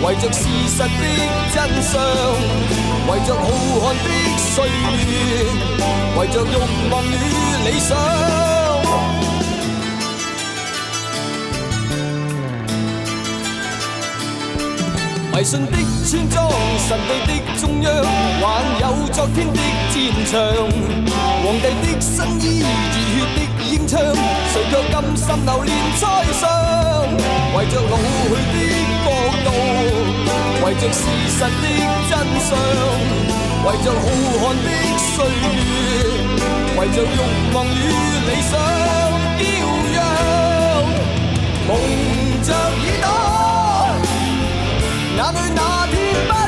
為着事實的真相，為着浩瀚的歲月，為着欲望與理想。 [music] 迷信的村莊，神秘的中央，還有昨天的戰場，皇帝的新衣，熱血的映像，誰卻甘心流連在上？為著老去的國。為着事實的真相，為着浩瀚的歲月，為着欲望與理想，驕陽，蒙着耳朵，眼裏哪天不？.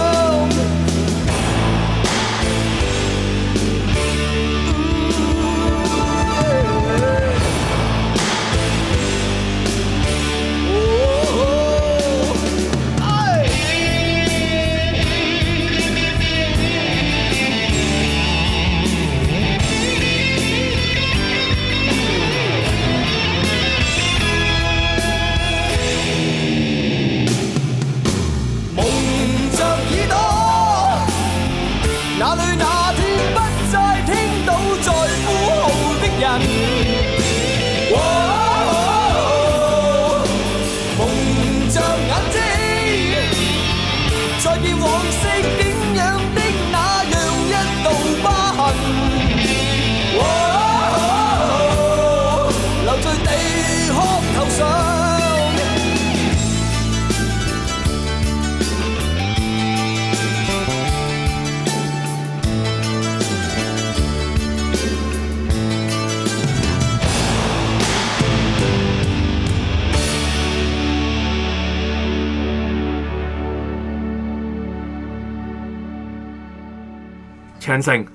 聲，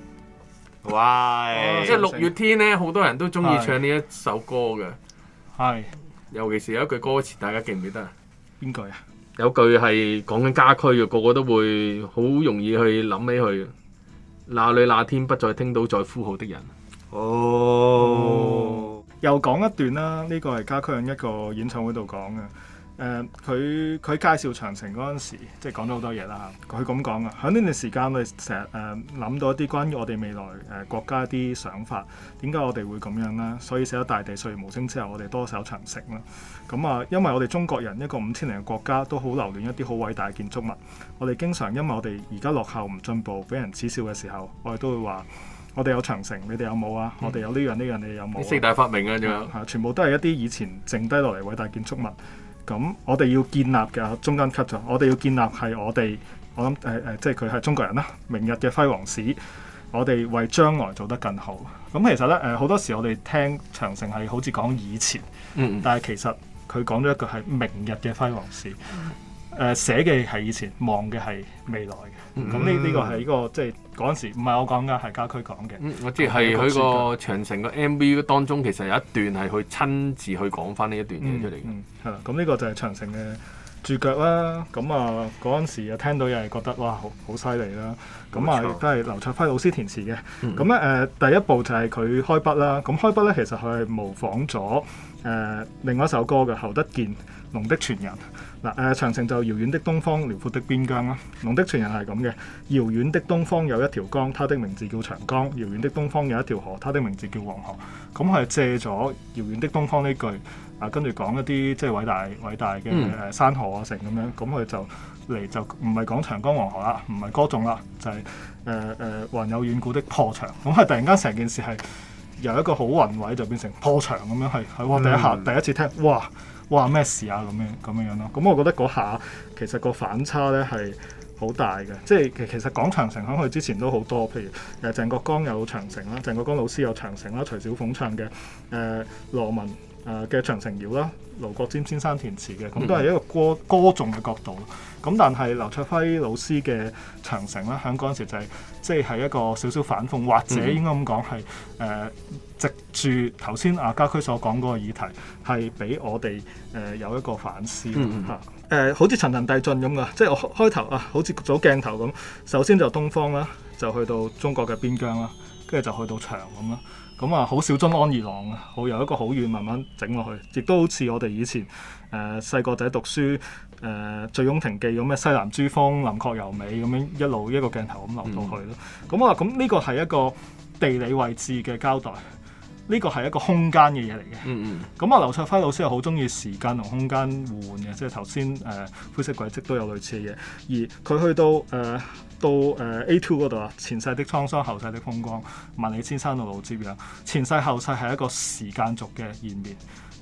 哇！即係六月天咧，好多人都中意唱呢一首歌嘅，係的，尤其是有一句歌詞，大家記唔記得啊？邊句啊？有句係講緊家駒嘅，個個都會好容易去諗起佢，哪裏哪天不再聽到在呼號的人。哦，哦又講一段啦，呢、這個係家駒喺一個演唱會度講嘅。誒佢佢介紹長城嗰陣時，即係講咗好多嘢啦。佢咁講嘅，喺呢段時間，我哋成日誒諗到一啲關於我哋未來誒、呃、國家啲想法。點解我哋會咁樣呢？所以寫咗大地歲月無聲之後，我哋多寫長城啦。咁、嗯、啊，因為我哋中國人一個五千年嘅國家，都好留戀一啲好偉大嘅建築物。我哋經常因為我哋而家落後唔進步，俾人恥笑嘅時候，我哋都會話我哋有長城，你哋有冇啊？嗯、我哋有呢樣呢樣，你哋有冇、啊？四大發明啊，點樣嚇？全部都係一啲以前剩低落嚟偉大建築物。嗯咁我哋要建立嘅中間 cut 咗，我哋要建立係我哋，我諗誒誒即係佢係中國人啦。明日嘅輝煌史，我哋為將來做得更好。咁其實咧，誒、呃、好多時我哋聽長城係好似講以前，嗯、但係其實佢講咗一句係明日嘅輝煌史，誒寫嘅係以前，望嘅係未來嘅。咁呢呢個係呢個即係嗰陣時，唔係我講噶，係家駒講嘅。嗯，我知係佢個長城個 MV 當中，其實有一段係佢親自去講翻呢一段嘢出嚟嘅。係啦、嗯，咁、嗯、呢個就係長城嘅。住腳啦，咁啊嗰陣時又聽到又係覺得哇，好好犀利啦！咁啊亦都係劉卓輝老師填詞嘅。咁咧誒，第一步就係佢開筆啦。咁開筆咧，其實佢係模仿咗誒、呃、另外一首歌嘅侯德健《龍的傳人》。嗱誒，長城就遙遠的東方，遼闊的邊疆啦。《龍的傳人》係咁嘅，遙遠的東方有一條江，它的名字叫長江；遙遠的東方有一條河，它的名字叫黃河。咁係借咗遙遠的東方呢句。啊，跟住講一啲即係偉大偉大嘅誒山河啊，城咁、嗯、樣，咁佢就嚟就唔係講長江黃河啦，唔係歌頌啦，就係誒誒還有遠古的破牆。咁佢突然間成件事係由一個好宏偉就變成破牆咁樣，係係哇！第一下第一次聽，嗯、哇哇咩事啊？咁樣咁樣樣咯。咁我覺得嗰下其實個反差咧係好大嘅，即係其實講長城響佢之前都好多，譬如誒、呃、鄭國江有長城啦，鄭國江老師有長城啦，徐小鳳唱嘅誒、呃呃、羅文。誒嘅、呃、長城謠啦，盧國沾先生填詞嘅，咁都係一個歌、嗯、歌頌嘅角度咁，但係劉卓輝老師嘅長城啦，喺嗰陣時就係即係一個少少反諷，或者應該咁講係誒藉住頭先阿家駒所講嗰個議題，係俾我哋誒、呃、有一個反思嚇。誒好似層層遞進咁噶，即係我開頭啊，好似組鏡頭咁，首先就東方啦，就去到中國嘅邊疆啦，跟住就去到牆咁啦。咁啊，好小津安二郎啊，好由一個好遠慢慢整落去，亦都好似我哋以前誒細個仔讀書誒《醉翁亭記》咁嘅，西南諸峰林壑尤美咁樣，一路一個鏡頭咁落到去咯。咁啊，咁呢個係一個地理位置嘅交代。呢個係一個空間嘅嘢嚟嘅，咁啊、嗯嗯、劉卓輝老師又好中意時間同空間互換嘅，即係頭先誒灰色軌跡都有類似嘅嘢，而佢去到誒、呃、到誒、呃、A two 嗰度啊，前世的滄桑，後世的風光，萬里千山的路，路接壤，前世後世係一個時間軸嘅延綿。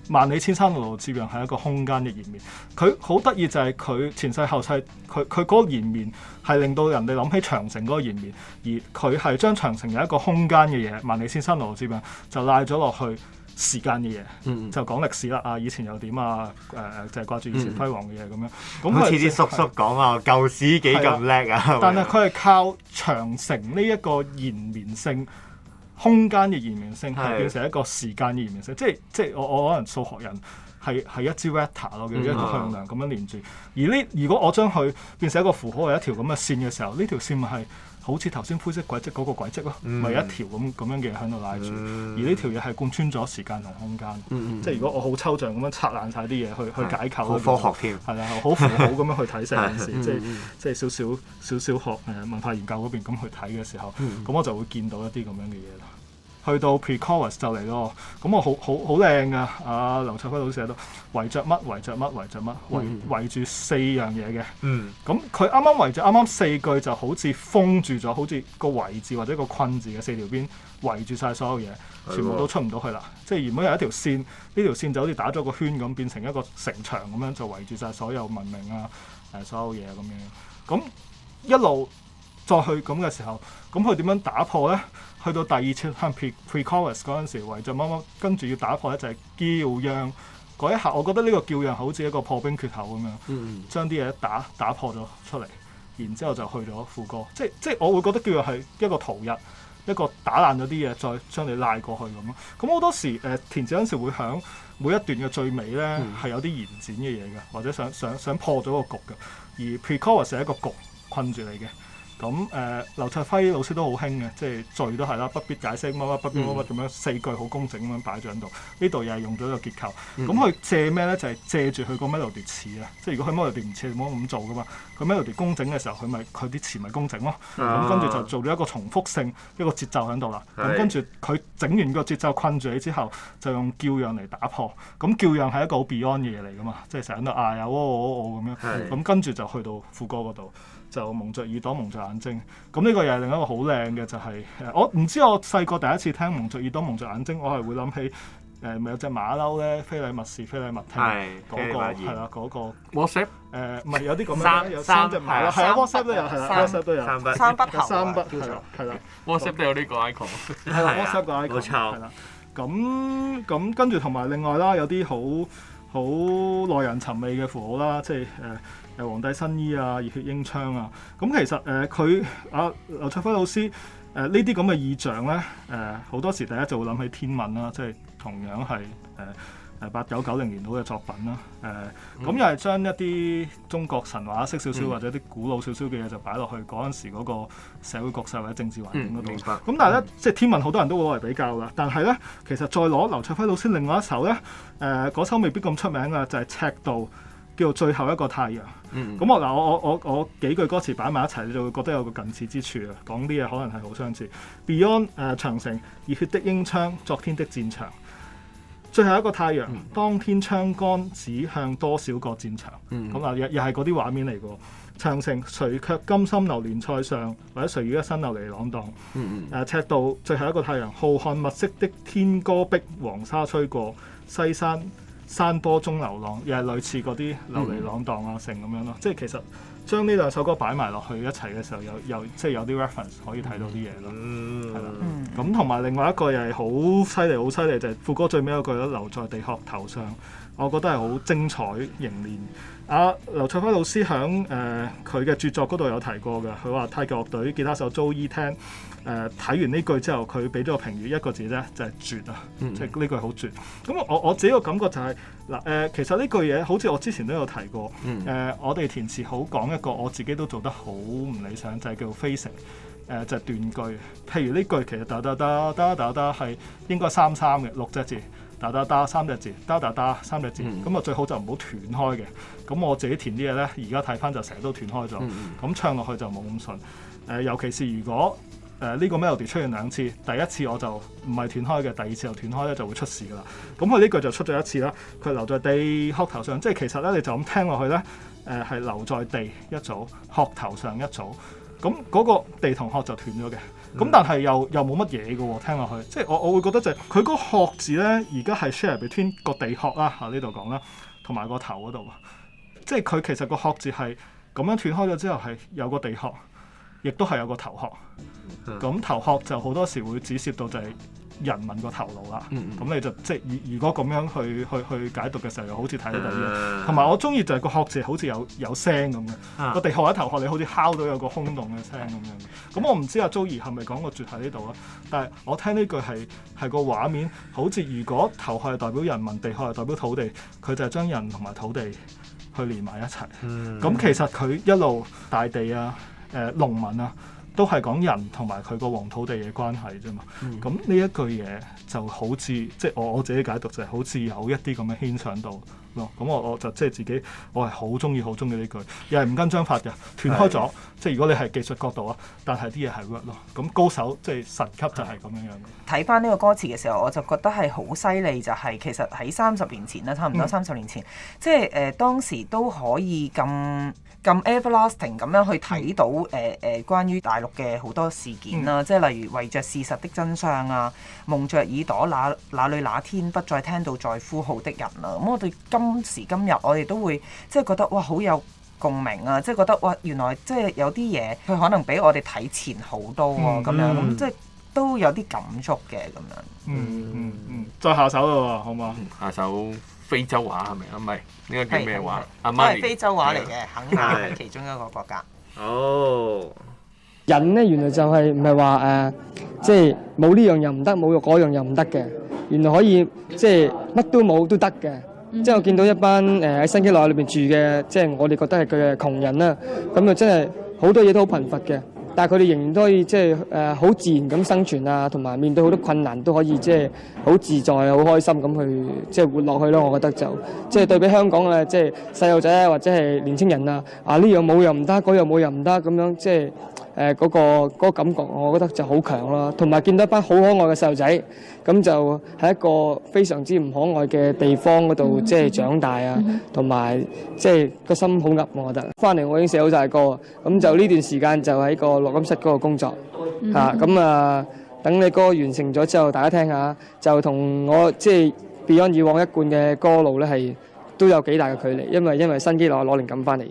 萬里千山路接壤係一個空間嘅延綿，佢好得意就係佢前世後世，佢佢嗰個延綿係令到人哋諗起長城嗰個延綿，而佢係將長城有一個空間嘅嘢，萬里千山路接壤就拉咗落去時間嘅嘢，嗯、就講歷史啦啊，以前又點啊，誒、呃、就係掛住以前輝煌嘅嘢咁樣，咁佢似啲叔叔講是啊，舊史幾咁叻啊，但係佢係靠長城呢一個延綿性。空間嘅延續性係變成一個時間嘅延續性，是的 即係，即係我我可能數學人。係係一支 vector 咯，嘅一個向量咁樣連住。而呢，如果我將佢變成一個符號，係一條咁嘅線嘅時候，呢條線咪係好似頭先灰色軌跡嗰個軌跡咯，咪、嗯、一條咁咁樣嘅嘢喺度拉住。嗯、而呢條嘢係貫穿咗時間同空間，嗯、即係如果我好抽象咁樣拆爛晒啲嘢去、嗯、去解構、嗯，好科學添。係啦，好符號咁樣去睇成件事，即係即係少少少少學誒、呃、文化研究嗰邊咁去睇嘅時候，咁我就會見到一啲咁樣嘅嘢啦。去到 pre-covid 就嚟咯，咁我好好好靚㗎、啊，阿、啊、劉卓輝老師喺度圍著乜圍着乜圍著乜圍著、嗯、圍住四樣嘢嘅，咁佢啱啱圍著啱啱四句就好似封住咗，好似個圍字或者個困字嘅四條邊圍住晒所有嘢，嗯、全部都出唔到去啦。嗯、即係原本有一條線，呢條線就好似打咗個圈咁，變成一個城牆咁樣就圍住晒所有文明啊，誒所有嘢咁樣。咁一路再去咁嘅時候，咁佢點樣打破咧？去到第二次喊 pre-pre chorus 嗰陣時，圍住乜乜，跟住要打破咧就係、是、叫嚷嗰一刻。我覺得呢個叫嚷好似一個破冰缺口咁樣，嗯、將啲嘢打打破咗出嚟，然之後就去咗副歌。即係即係我會覺得叫嚷係一個逃逸，一個打爛咗啲嘢，再將你拉過去咁咯。咁好多時誒填詞嗰陣時會響每一段嘅最尾咧係、嗯、有啲延展嘅嘢㗎，或者想想想破咗個局㗎。而 pre-chorus 係一個局困住你嘅。咁誒，劉卓輝老師都好興嘅，即係句都係啦，不必解釋乜乜乜乜乜乜咁樣四句好工整咁樣擺咗喺度。呢度又係用咗一個結構。咁佢借咩咧？就係借住佢個 melody 似啦，即係如果佢 melody 唔似冇咁做噶嘛，佢 melody 工整嘅時候，佢咪佢啲詞咪工整咯。咁跟住就做咗一個重複性，一個節奏喺度啦。咁跟住佢整完個節奏困住你之後，就用叫嚷嚟打破。咁叫嚷係一個好 beyond 嘅嘢嚟噶嘛，即係成日喺度嗌啊喔喔喔咁樣。咁跟住就去到副歌嗰度。就蒙着耳朵、蒙着眼睛，咁呢個又係另一個好靚嘅，就係我唔知我細個第一次聽蒙着耳朵、蒙着眼睛，我係會諗起誒，咪有隻馬騮咧，非禮勿視，非禮勿聽，嗰個係啦，嗰個 WhatsApp 誒，唔係有啲咁樣，有三隻馬，係啊，WhatsApp 都有，係啦，WhatsApp 都有，三筆，三筆頭啊，係啦，係啦，WhatsApp 都有呢個 icon，WhatsApp 個 icon，係啦，咁咁跟住同埋另外啦，有啲好好耐人尋味嘅符號啦，即係誒。誒，皇帝新衣啊，熱血英槍啊，咁其實誒佢阿劉卓輝老師誒、呃、呢啲咁嘅意象咧，誒、呃、好多時大家就會諗起天文啦、啊，即係同樣係誒誒八九九零年度嘅作品啦、啊，誒咁又係將一啲中國神話式少少或者啲古老少少嘅嘢就擺落去嗰陣時嗰個社會局勢或者政治環境嗰度。咁、嗯、但係咧，嗯、即係天文好多人都會攞嚟比較啦。但係咧，其實再攞劉卓輝老師另外一首咧，誒、呃、嗰、呃、首，首未必咁出名啦，就係、是、赤道。叫做最後一個太陽，咁、嗯、我嗱我我我我幾句歌詞擺埋一齊，你就會覺得有個近似之處啊，講啲嘢可能係好相似。Beyond 誒、呃、長城，熱血的英槍，昨天的戰場，最後一個太陽，嗯、當天槍桿指向多少個戰場，咁啊、嗯，又又係嗰啲畫面嚟嘅喎。長城，誰卻甘心流連塞上，或者誰已一身流離浪蕩？誒、嗯嗯呃、赤道，最後一個太陽，浩瀚墨色的天歌碧黃沙吹過西山，山坡中流浪，又係類似嗰啲流離浪蕩啊，嗯、成咁樣咯。即係其實將呢兩首歌擺埋落去一齊嘅時候，有有即係有啲 reference 可以睇到啲嘢咯。係啦，咁同埋另外一個又係好犀利、好犀利就係、是、副歌最尾嗰句都留在地殼頭上，我覺得係好精彩凝練。阿、啊、劉翠花老師響誒佢嘅著作嗰度有提過嘅，佢話太極樂隊吉他手 Joey 聽誒睇完呢句之後，佢俾咗個評語一個字咧，就係、是、絕啊！即係呢句好絕。咁我我自己個感覺就係嗱誒，其實呢句嘢好似我之前都有提過誒、嗯呃，我哋填詞好講一個我自己都做得好唔理想，就係、是、叫做 phrasing、呃」，h 就係、是、斷句。譬如呢句其實得得得得得」嗒、呃、係、呃呃呃呃呃、應該三三嘅六隻字。嗒嗒嗒三隻字，嗒嗒嗒三隻字，咁啊、嗯、最好就唔好斷開嘅。咁我自己填啲嘢咧，而家睇翻就成日都斷開咗。咁、嗯、唱落去就冇咁順。誒、呃，尤其是如果誒呢、呃呢個 melody 出現兩次，第一次我就唔係斷開嘅，第二次又斷開咧就會出事噶啦。咁佢呢句就出咗一次啦。佢留在地殼頭上，即係其實咧你就咁聽落去咧，誒、呃、係留在地一組，殼頭上一組。咁嗰個地同殼就斷咗嘅。咁但係又又冇乜嘢嘅喎，聽落去，即係我我會覺得就係佢嗰個殼字咧，而家係 share between 個地殼啦，喺呢度講啦，同埋個頭嗰度，即係佢其實個殼字係咁樣斷開咗之後係有個地殼，亦都係有個頭殼，咁、嗯、頭殼就好多時會指涉到就係、是。人民個頭腦啦，咁、嗯、你就即係如如果咁樣去去去解讀嘅時候，又好似睇到第二。同埋我中意就係個殼字好似有有聲咁嘅，個、啊、地殼喺頭殼，你好似敲到有個空洞嘅聲咁樣。咁我唔知阿 Zoe 係咪講個絕喺呢度啊？是是但係我聽呢句係係個畫面，好似如果頭殼係代表人民，地殼係代表土地，佢就係將人同埋土地去連埋一齊。咁、嗯、其實佢一路大地啊，誒、呃、農民啊。都係講人同埋佢個黃土地嘅關係啫嘛，咁呢、嗯、一句嘢就好似即係我我自己解讀就係好似有一啲咁嘅牽想到咯，咁我我就即係、就是、自己我係好中意好中意呢句，又係唔跟章法嘅，斷開咗，是即係如果你係技術角度啊，但係啲嘢係 work 咯，咁高手即係、就是、神級就係咁樣樣。睇翻呢個歌詞嘅時候，我就覺得係好犀利，就係、是、其實喺三十年前啦，差唔多三十年前，年前嗯、即係誒、呃、當時都可以咁。咁 everlasting 咁樣去睇到誒誒、呃呃、關於大陸嘅好多事件啦、啊，嗯、即係例如圍着事實的真相啊，蒙着耳朵那那裏那天不再聽到在呼號的人啦、啊。咁我哋今時今日我哋都會即係覺得哇好有共鳴啊！即係覺得哇原來即係有啲嘢佢可能比我哋睇前好多喎、啊、咁、嗯、樣，咁即係都有啲感觸嘅咁樣。嗯嗯嗯，再下手咯，好唔好？嗯、下手。非洲話係咪洲啊？唔係，呢個叫咩話？都係非洲話嚟嘅，的肯亞係其中一個國家。哦、 [laughs] oh.，人咧原來就係唔係話誒，即係冇呢樣又唔得，冇嗰樣又唔得嘅。原來可以即係乜都冇都得嘅。即係我見到一班誒喺、呃、新幾內亞裏邊住嘅，即係我哋覺得係佢嘅窮人啦。咁啊，真係好多嘢都好貧乏嘅。但係佢哋仍然都可以即係誒好自然咁生存啊，同埋面對好多困難都可以即係好自在，好開心咁去即係、就是、活落去咯。我覺得就即係、就是、對比香港嘅即係細路仔啊，或者係年青人啊，啊呢樣冇又唔得，嗰樣冇又唔得咁樣，即係誒嗰個嗰個感覺，我覺得就好強咯。同埋見到一班好可愛嘅細路仔。咁就喺一個非常之唔可愛嘅地方嗰度，即係、嗯、長大啊，同埋即係個心好噏，我覺得。翻嚟我已經寫好晒歌，咁就呢段時間就喺個錄音室嗰度工作吓。咁、嗯、啊，等你歌完成咗之後，大家聽下。就同我即係、就是、Beyond 以往一貫嘅歌路咧，係都有幾大嘅距離，因為因為新畿內亞攞靈感翻嚟。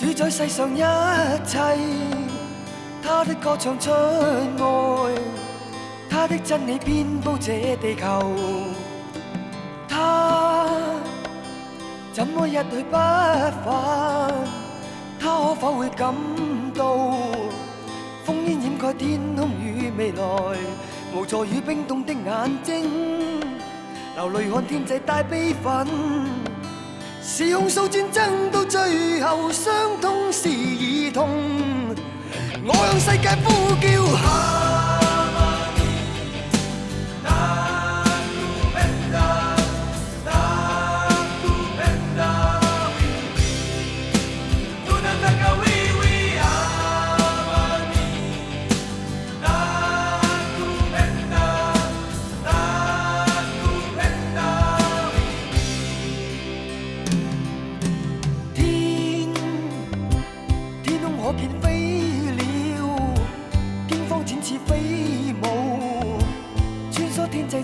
主宰世上一切，他的歌唱出愛，他的真理遍布這地球。他怎麼一去不返？他可否會感到烽煙掩蓋天空與未來？無助與冰凍的眼睛，流淚看天際帶悲憤，是控訴戰爭。最後傷痛是兒童，我向世界呼叫。啊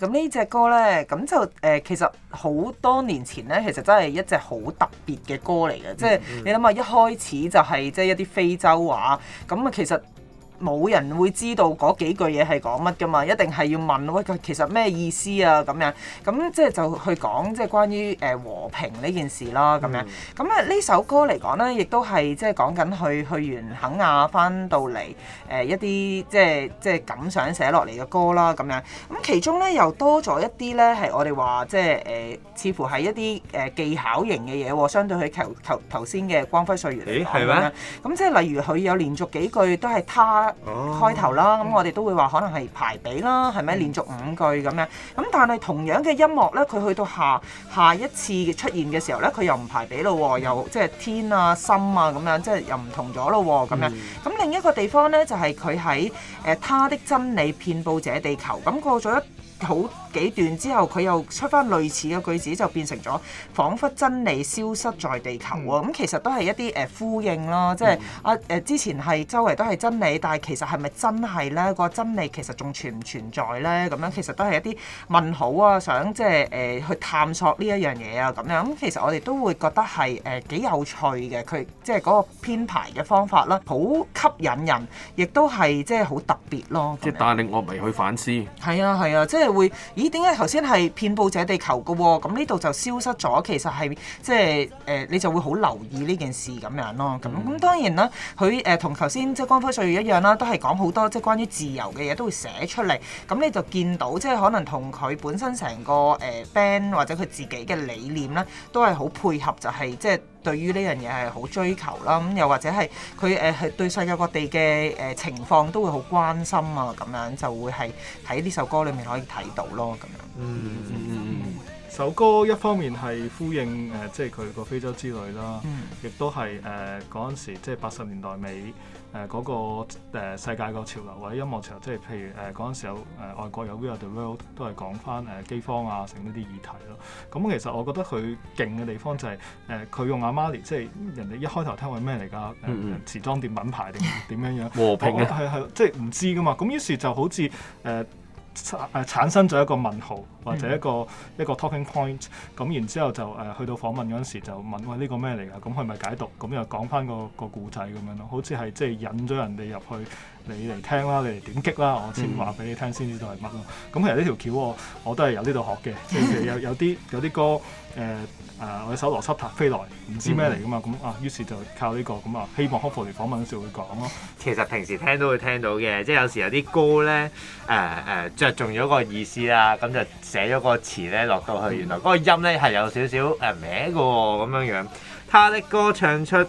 咁呢隻歌呢，咁就誒、呃，其實好多年前呢，其實真係一隻好特別嘅歌嚟嘅，即係、mm hmm. 即係、你諗下，一開始就係即係一啲非洲話，咁啊其實。冇人會知道嗰幾句嘢係講乜㗎嘛，一定係要問喂，其實咩意思啊？咁樣咁即係就去講即係關於誒和平呢件事啦。咁樣咁啊，呢首歌嚟講呢，亦都係即係講緊去去完肯亞、啊、翻到嚟誒、呃、一啲即係即係感想寫落嚟嘅歌啦。咁樣咁、嗯、其中呢又多咗一啲呢係我哋話即係誒似乎係一啲誒技巧型嘅嘢喎，相對佢頭頭頭先嘅光輝歲月誒係咩？咁即係例如佢有連續幾句都係他。開頭啦，咁我哋都會話可能係排比啦，係咪、嗯、連續五句咁樣？咁但係同樣嘅音樂呢，佢去到下下一次出現嘅時候呢，佢又唔排比咯、啊，又即係、就是、天啊、心啊咁樣，即、就、係、是、又唔同咗咯咁樣。咁、嗯、另一個地方呢，就係佢喺誒他的真理遍佈者地球咁、嗯、過咗一。好幾段之後，佢又出返類似嘅句子，就變成咗彷彿真理消失在地球喎。咁、嗯、其實都係一啲誒呼應咯，即係阿誒之前係周圍都係真理，但係其實係咪真係咧？個真理其實仲存唔存在咧？咁樣其實都係一啲問號啊，想即係誒、呃、去探索呢一樣嘢啊咁樣。咁、嗯、其實我哋都會覺得係誒、呃、幾有趣嘅，佢即係嗰個編排嘅方法啦，好吸引人，亦都係即係好特別咯。即係帶領樂迷去反思。係啊係啊，即係。會，咦？點解頭先係遍佈者地球嘅喎、哦？咁呢度就消失咗。其實係即係誒、呃，你就會好留意呢件事咁樣咯。咁咁、嗯、當然啦，佢誒、呃、同頭先即係光輝歲月一樣啦，都係講好多即係關於自由嘅嘢都會寫出嚟。咁、嗯、你就見到即係可能同佢本身成個誒、呃、band 或者佢自己嘅理念咧，都係好配合，就係、是、即係。對於呢樣嘢係好追求啦，咁又或者係佢誒係對世界各地嘅誒、呃、情況都會好關心啊，咁樣就會係喺呢首歌裏面可以睇到咯，咁樣。嗯嗯嗯首歌一方面係呼應誒，即係佢個非洲之旅啦，亦、嗯、都係誒嗰陣時即係八十年代尾誒嗰、呃那個、呃、世界個潮流或者音樂潮流，即係譬如誒嗰陣時有誒、呃、外國有 We Are The World 都係講翻誒饑荒啊成呢啲議題咯。咁、嗯、其實我覺得佢勁嘅地方就係誒佢用阿瑪尼即係人哋一開頭聽話咩嚟㗎？時裝、嗯呃、店品牌定點樣樣和平嘅、啊、係即係唔知㗎嘛。咁於是就好似誒。產誒產生咗一個問號或者一個、嗯、一個 talking point，咁然之後就誒、呃、去到訪問嗰陣時就問喂呢、呢個咩嚟㗎？咁佢咪解讀？咁又講翻個個故仔咁樣咯，好似係即係引咗人哋入去你嚟聽啦，你嚟點擊啦，我先話俾你聽先知道係乜咯。咁、嗯、其實呢條橋我我都係由呢度學嘅，即係有有啲有啲歌誒。呃誒、uh, 我手《羅塞塔》飛來唔知咩嚟㗎嘛，咁、嗯、啊於是就靠呢、這個咁啊，希望 Hopeful 嚟訪問嗰時會講咯。其實平時聽都會聽到嘅，即係有時有啲歌咧誒誒著重咗個意思啦，咁就寫咗個詞咧落到去，嗯、原來嗰個音咧係有少少誒歪㗎喎、哦，咁樣樣。他的歌唱出誒、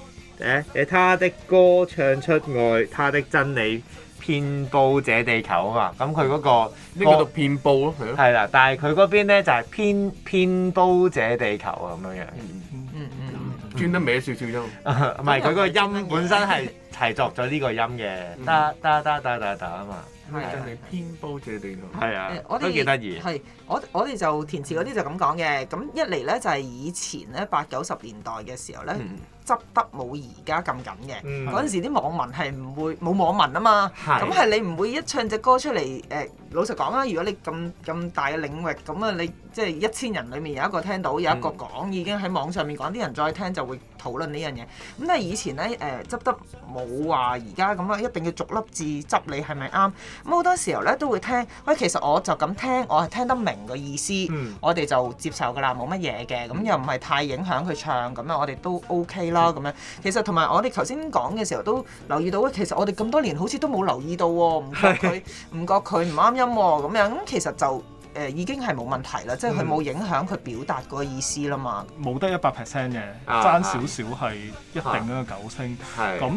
欸，他的歌唱出愛，他的真理。遍布者地球啊嘛，咁佢嗰個呢個讀遍布咯，係咯，啦，但係佢嗰邊咧就係偏遍佈這地球啊咁樣嘅，嗯嗯嗯嗯，轉得歪少少音，唔係佢個音本身係齊作咗呢個音嘅，得得得得得得啊嘛，係、嗯、偏佈者地球，係啊，啊嗯欸、我都幾得意，係我我哋就填詞嗰啲就咁講嘅，咁一嚟咧就係以前咧八九十年代嘅時候咧。嗯執得冇而家咁緊嘅，嗰陣、嗯、時啲網民係唔會冇網民啊嘛，咁係是你唔會一唱隻歌出嚟誒。呃老實講啦，如果你咁咁大嘅領域，咁啊你即係一千人裡面有一個聽到，有一個講，已經喺網上面講，啲人再聽就會討論呢樣嘢。咁但係以前呢，誒、呃、執得冇話、啊，而家咁啊一定要逐粒字執你係咪啱？咁好多時候呢，都會聽，喂、哎、其實我就咁聽，我係聽得明個意思，嗯、我哋就接受㗎啦，冇乜嘢嘅，咁又唔係太影響佢唱，咁啊我哋都 OK 啦咁、嗯、樣。其實同埋我哋頭先講嘅時候都留意到，哎、其實我哋咁多年好似都冇留意到喎，唔覺佢唔 [laughs] 覺佢唔啱。咁樣咁其實就誒、呃、已經係冇問題啦，即係佢冇影響佢表達個意思啦嘛。冇得、啊、一百 percent 嘅，爭少少係一定嗰九星。係咁，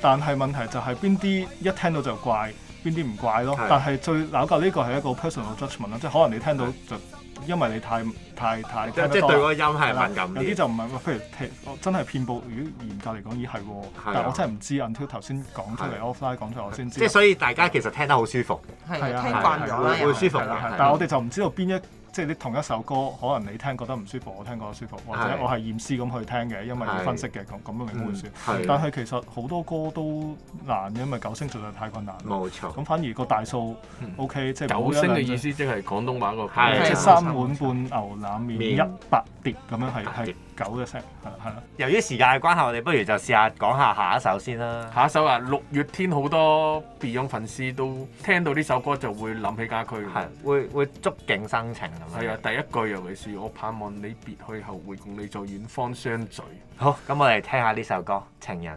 但係問題就係邊啲一聽到就怪，邊啲唔怪咯。的但係最鬧交呢個係一個 personal judgment 啦，即係可能你聽到就。因為你太太太即即對嗰音係敏感，有啲就唔係喎。譬如聽，真係遍佈。如果嚴格嚟講，已係喎，但係我真係唔知 until 頭先講出嚟，offline 講出嚟我先知。即所以大家其實聽得好舒服嘅，聽慣咗啦，會舒服。但係我哋就唔知道邊一。即係你同一首歌，可能你聽覺得唔舒服，我聽覺得舒服，或者我係驗屍咁去聽嘅，因為要分析嘅，咁咁都未必會、嗯、但係其實好多歌都難，因為九星實在太困難。冇錯。咁反而個大數、嗯、OK，即係、就是、九星嘅意思即係廣東話個，即係的三碗半牛腩麵一百碟咁樣，係係。狗嘅由於時間嘅關係，我哋不如就試下講下下一首先啦。下一首啊，《六月天》好多 Beyond 粉絲都聽到呢首歌就會諗起家駒，係會會觸景生情咁樣。係啊，第一句尤其係我盼望你別去後會，會共你在遠方相聚。好，咁我哋聽下呢首歌《情人》。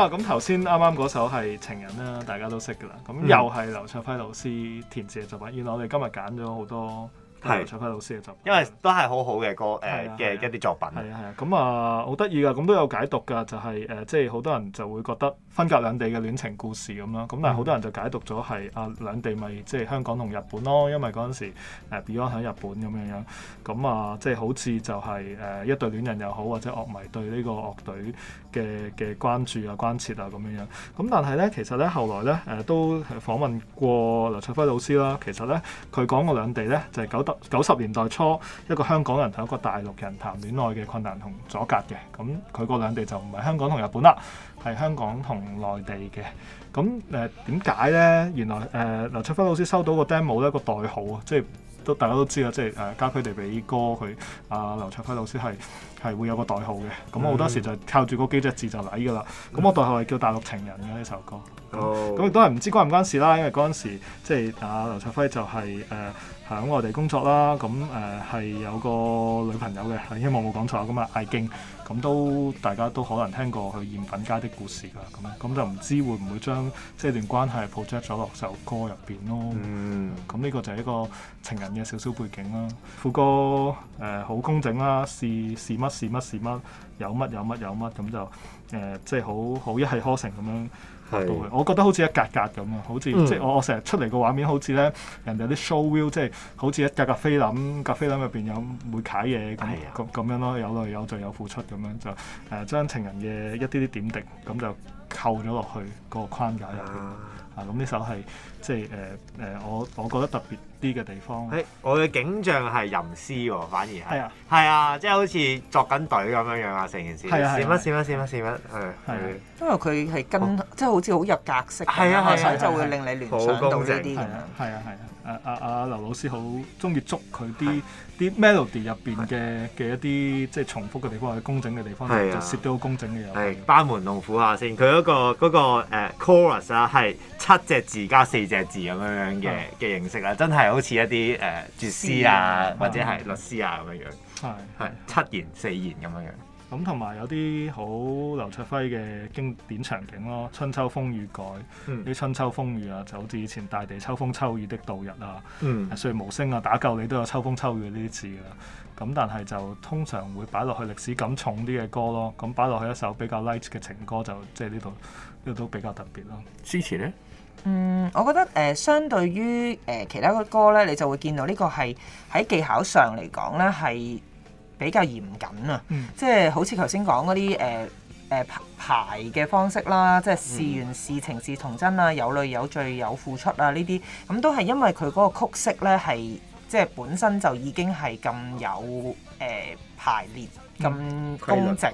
啊，咁頭先啱啱嗰首係情人啦，大家都識噶啦。咁又係劉卓輝老師填詞嘅作品。原來我哋今日揀咗好多係劉卓輝老師嘅作品，因為都係好好嘅歌誒嘅、啊啊、一啲作品。係啊係啊，咁啊好得意㗎。咁、啊、都有解讀㗎，就係、是、誒、呃，即係好多人就會覺得分隔兩地嘅戀情故事咁啦。咁但係好多人就解讀咗係啊兩地咪、就是、即係香港同日本咯，因為嗰陣時、呃、Beyond 喺日本咁樣樣。咁啊即係好似就係、是、誒、呃、一對戀人又好，或者樂迷對呢個樂隊。嘅嘅關注啊、關切啊咁樣樣咁，但係咧，其實咧後來咧誒、呃、都訪問過劉卓輝老師啦。其實咧佢講過兩地咧就係九九十年代初一個香港人同一個大陸人談戀愛嘅困難同阻隔嘅。咁佢個兩地就唔係香港同日本啦，係香港同內地嘅。咁誒點解咧？原來誒、呃、劉卓輝老師收到個 demo 咧，個代號啊，即係。大家都知啦，即係誒，家鄉地畀歌，佢阿劉卓輝老師係、係會有個代號嘅。咁我好多時就靠住嗰幾隻字就嚟㗎啦。咁我代號係叫大陸情人嘅呢首歌。咁亦都係唔知關唔關事啦，因為嗰陣時即係阿劉卓輝就係、係、誒。呃啊咁外地工作啦，咁誒係有個女朋友嘅，希望冇講錯咁啊，艾敬。咁都大家都可能聽過佢《艷粉街的故事》㗎，咁咁就唔知會唔會將即係段關係 project 咗落首歌入邊咯。咁呢個就係一個情人嘅小小背景啦。副歌誒好工整啦、啊，是是乜是乜是乜，有乜有乜有乜，咁、嗯、就誒、呃、即係好好一氣呵成咁樣。係，是我覺得好似一格格咁啊，好似、嗯、即係我我成日出嚟個畫面好似咧，人哋啲 show view 即係好似一格格菲林，格菲林入邊有會踩嘢咁咁咁樣咯、啊，有淚有罪有付出咁樣就誒、呃，將情人嘅一啲啲點滴咁就扣咗落去個框架入邊。啊！咁呢首係即係誒誒，我我覺得特別啲嘅地方。我嘅景象係吟詩喎，反而係啊係啊，即係好似作緊對咁樣樣啊，成件事。閃乜閃乜閃乜閃乜，係係。因為佢係跟即係好似好入格式，係啊係啊，就會令你聯想到呢啲咁樣。係啊係啊，阿阿阿劉老師好鍾意捉佢啲，啲 melody 入邊嘅嘅一啲即係重複嘅地方，或者工整嘅地方，的就涉到好工整嘅嘢。係班門弄斧下先，佢嗰個嗰個誒 chorus 啊，係、呃、七隻字加四隻字咁樣樣嘅嘅形式啊，真係好似一啲誒絕詩啊，呃、ia, 或者係律詩啊咁樣的的樣，係係七言四言咁樣樣。咁同埋有啲好劉卓輝嘅經典場景咯，《春秋風雨改》啲、嗯《春秋風雨》啊，就好似以前《大地秋風秋雨的度日》啊，嗯啊《歲月無聲》啊，打救你都有《秋風秋雨》呢啲字㗎喇。咁但係就通常會擺落去歷史感重啲嘅歌咯，咁擺落去一首比較 light 嘅情歌就即係呢度呢度都比較特別咯。詩詞咧，嗯，我覺得誒、呃，相對於誒、呃、其他嘅歌咧，你就會見到呢個係喺技巧上嚟講咧係。比較嚴謹啊、嗯呃呃，即係好似頭先講嗰啲誒誒排嘅方式啦，即係試完試情試童真啊，有淚有罪有付出啊，呢啲咁都係因為佢嗰個曲式咧，係即係本身就已經係咁有誒、呃、排列。咁工整，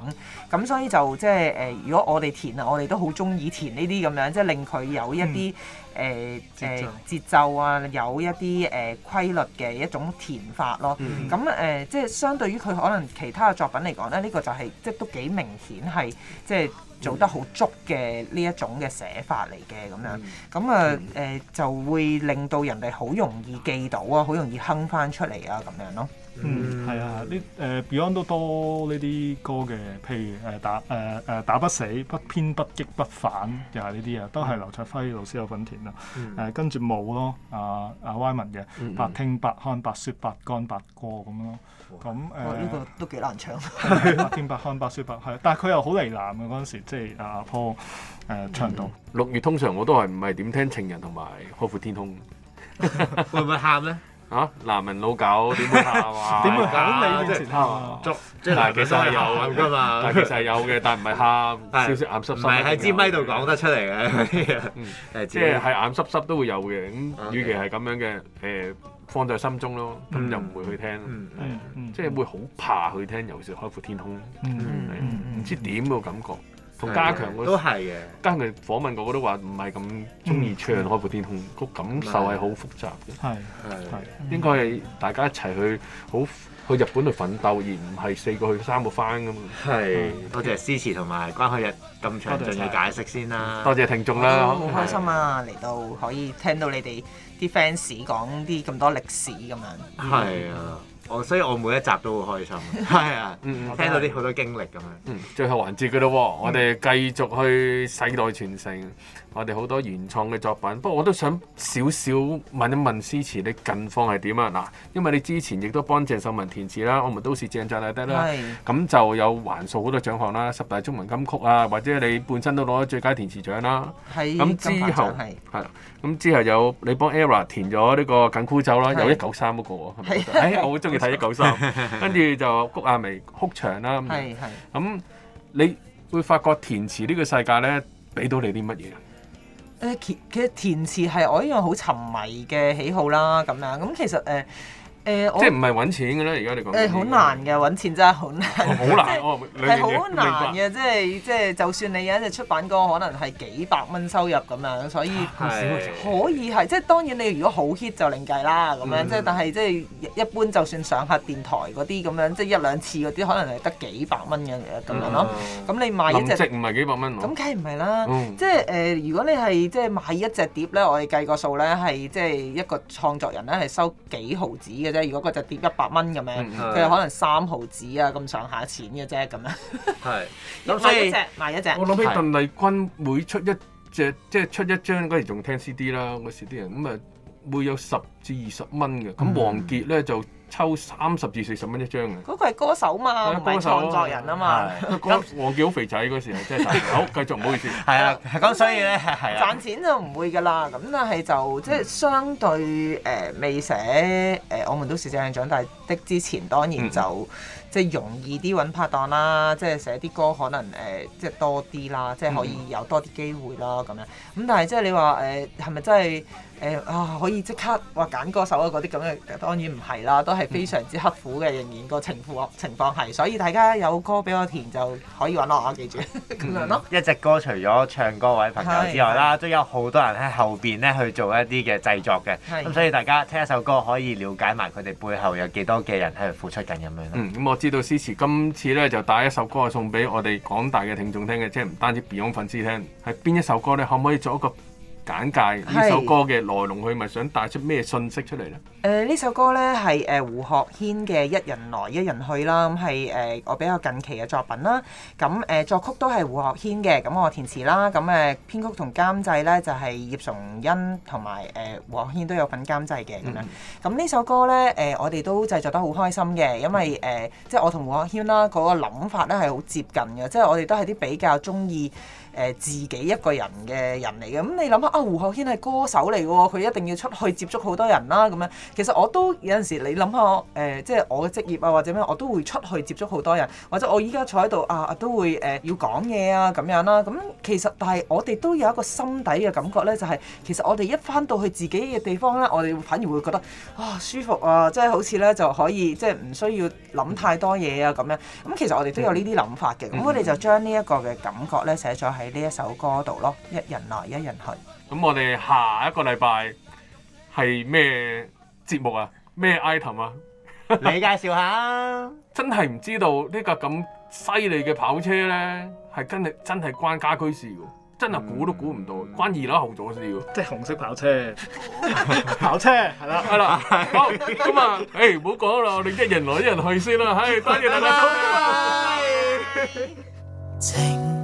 咁、嗯、所以就即係誒，如果我哋填啊，我哋都好中意填呢啲咁樣，即係令佢有一啲誒誒節奏啊，有一啲誒、呃、規律嘅一種填法咯。咁誒、嗯嗯呃，即係相對於佢可能其他嘅作品嚟講咧，呢、呢個就係、係、即係都幾明顯係即係做得好足嘅呢一種嘅寫法嚟嘅咁樣。咁啊誒，就會令到人哋好容易記到啊，好容易哼翻出嚟啊咁樣咯。嗯，係啊，呢誒、呃、Beyond 都多呢啲歌嘅，譬如誒、呃、打誒誒、呃、打不死、不偏不擊不反，又係呢啲啊，都係劉卓輝老師有份填、嗯呃、啊。誒跟住冇咯，阿阿 Wyman 嘅、嗯、白聽白看白説白幹」，白，白，白歌咁咯。咁呢哇、呃呢個都幾難唱。嗯、 [laughs] 白聽白看白説白係，但係佢又好嚟男嘅嗰陣時，即係阿阿 Paul 誒唱到。六月通常我都係唔係點聽情人同埋海闊天空。 [laughs] [laughs] 會唔會喊咧？啊！男人老狗點會喊啊？點會講你啫？但係其實係有㗎嘛，但係其實係有嘅，但係唔係喊，少少眼濕濕。唔係喺支咪度講得出嚟嘅，即係喺眼濕濕都會有嘅。咁與其係咁樣嘅，誒，放在心中咯，咁又唔會去聽，即係會好怕去聽，尤其是開闊天空，唔知點個感覺。同加強嗰都係嘅，加強訪問個個都話唔係咁中意唱海闊天空，個感受係好複雜嘅，係係應該係大家一齊去好去日本去奮鬥，而唔係四個去三個翻咁啊！的嗯、多謝詩詞同埋關海日咁詳盡嘅解釋先啦，多謝聽眾啦，好、嗯、開心啊嚟到可以聽到你哋啲 fans 講啲咁多歷史咁樣，係啊、嗯。我所以，我每一集都好開心。係 [laughs] 啊，嗯、聽到啲好多經歷咁，嗯、樣，嗯。最後環節噶咯喎，嗯、我哋繼續去世代傳承。我哋好多原創嘅作品，不過我都想少少問一問詩詞，你近況係點啊？嗱，因為你之前亦都幫鄭秀文填詞啦，嗯、我哋都市、啊、是正正啊得啦，咁就有橫掃好多獎項啦，十大中文金曲啊，或者你本身都攞咗最佳填詞獎啦，咁是之後係，咁之後有你幫 Era 填咗呢個《緊箍咒》啦，是有一九三嗰個、啊，咪是、哎？我好中意睇一九三，跟住就谷婭溦哭牆啦，咁是你會發覺填詞呢個世界咧，俾到你啲乜嘢？誒其、呃、其實填詞係我一樣好沉迷嘅喜好啦，咁樣咁、嗯、其實誒。呃誒，即係唔係揾錢嘅咧？而家你講誒，好難嘅揾錢真係好難。好難，我係好難嘅，即係即係，就算你有一隻出版歌，可能係幾百蚊收入咁樣，所以可以係，即係當然你如果好 hit 就另計啦。咁樣、嗯、是即係，但係即係一般，就算上下電台嗰啲咁樣，即係一兩次嗰啲，可能係得幾百蚊嘅咁樣咯。咁、嗯、你賣一隻唔係幾百蚊、啊？咁梗係唔係啦？即係誒、呃，如果你係即係買一隻碟咧，我哋計個數咧，係即係一個創作人咧係收幾毫子嘅。即如果佢就跌一百蚊咁樣，佢、嗯、可能三毫紙啊咁上下錢嘅啫咁樣。係， [laughs] 咁所以賣一隻，賣一隻。我諗起鄧麗君每出一隻，是即係出一張，嗰時仲聽 CD 啦，嗰時啲人咁啊，會有十至二十蚊嘅。咁王傑咧就～、嗯抽三十至四十蚊一張嘅、啊。嗰個係歌手嘛，唔係、嗯、創作人啊嘛。我叫、啊啊、肥仔嗰時啊，真係。好，繼續唔好意思。係啊，咁所以咧係係啊。嗯、賺錢就唔會㗎啦。咁但係就、嗯、即係相對誒、呃、未寫誒、呃，我們都是這樣長大的之前，當然就、嗯、即係容易啲揾拍檔啦，即係寫啲歌可能誒、呃、即係多啲啦，即係可以有多啲機會啦咁樣。咁但係即係你話誒係咪真係？誒、呃、啊！可以即刻話揀歌手啊，嗰啲咁嘅當然唔係啦，都係非常之刻苦嘅。嗯、仍然個情況情況係，所以大家有歌俾我填就可以揾我，我記住。咁咪咯。 [laughs] 嗯嗯、一隻歌除咗唱歌位朋友之外啦，都有好多人喺後邊咧去做一啲嘅製作嘅。咁對所以大家聽一首歌可以了解埋佢哋背後有幾多嘅人喺度付出緊咁樣咯。咁、嗯、我知道詩詞今次咧就帶一首歌送俾我哋廣大嘅聽眾聽嘅，即係唔單止 Beyond 粉絲聽，係邊一首歌你可唔可以做一個？簡介呢首歌嘅來龍去脈，是是想帶出咩信息出嚟呢？誒呢、呃、首歌呢係誒、呃、胡學軒嘅《一人來一人去》啦，咁係我比較近期嘅作品啦。咁、呃、誒作曲都係胡學軒嘅，咁我填詞啦。咁、呃、誒編曲同監製呢就係、是、葉崇恩同埋誒胡學軒都有份監製嘅咁樣。咁呢、嗯、首歌呢，誒、呃、我哋都製作得好開心嘅，因為誒、呃、即係我同胡學軒啦嗰個諗法呢係好接近嘅，即係我哋都係啲比較鍾意，誒自己一個人嘅人嚟嘅，咁、嗯、你諗下啊？胡浩軒係歌手嚟嘅喎，佢一定要出去接觸好多人啦、啊。咁樣其實我都有陣時你想想，你諗下誒，即係我嘅職業啊，或者咩，我都會出去接觸好多人，或者我依家坐喺度啊，都會誒、呃、要講嘢啊咁樣啦。咁、嗯、其實但係我哋都有一個心底嘅感覺呢，就係、是、其實我哋一翻到去自己嘅地方呢，我哋反而會覺得啊、哦、舒服啊，即係好似呢就可以即係唔需要諗太多嘢啊咁樣。咁、嗯、其實我哋都有呢啲諗法嘅。咁我哋就將呢一個嘅感覺呢，寫咗喺喺呢一首歌度咯，一人來一人去。咁我哋下一個禮拜係咩節目啊？咩 item 啊？你介紹下。真係唔知道呢，架咁犀利嘅跑車咧，係真係真係關家居事嘅，真係估都估唔到，關二樓後座先嘅，即係紅色跑車。 [laughs] 跑車係啦係啦，好咁啊！誒， [music] 唔好講啦，我哋一人來一人去先啦，係多謝大家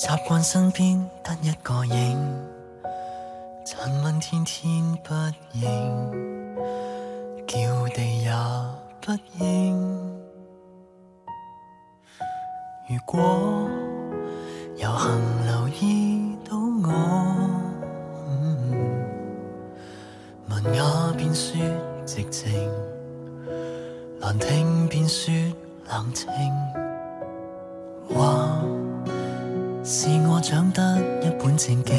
習慣身邊得一個影，親吻天天不應，叫地也不應。如果有幸留意到我，文、嗯、雅便説直情，難聽便説冷清話。是我長得一本正經，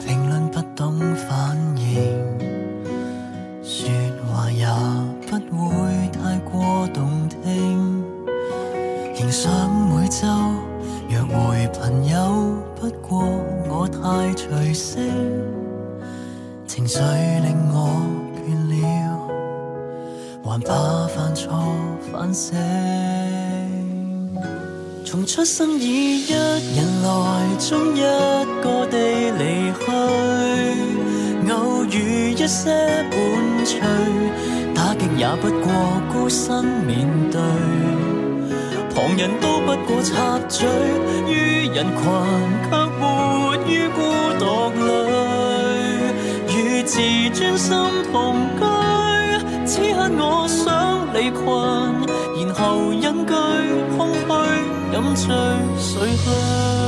評論不懂反應，說話也不會太過動聽。仍想每週約會朋友，不過我太隨性，情緒令我倦了，還怕犯錯反省。從出生以一人來，終一個地離去。偶遇一些伴隨，打擊也不過孤身面對。旁人都不過插嘴，於人群卻活於孤獨裡，與自尊心同居。此刻我想離群，然後隱居。飲醉水鄉。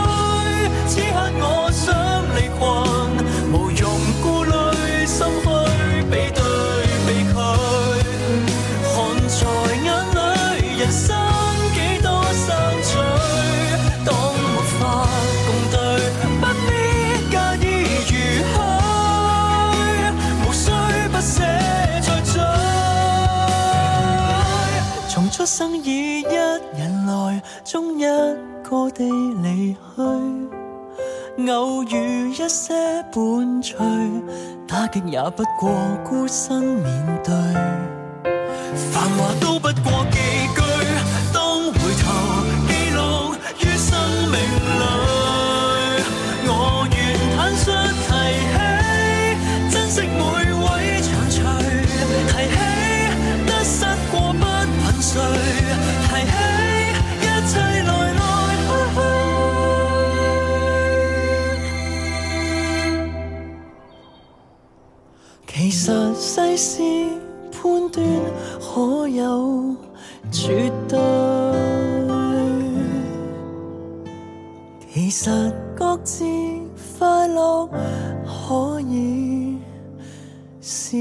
生以一人來，終一個地離去。偶遇一些伴隨，打擊也不過孤身面對繁華，都不過。其實世事判斷可有絕對？其實各自快樂可以是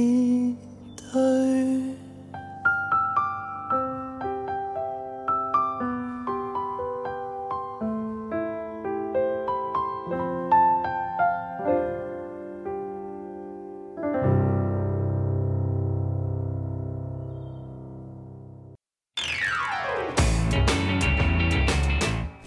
對。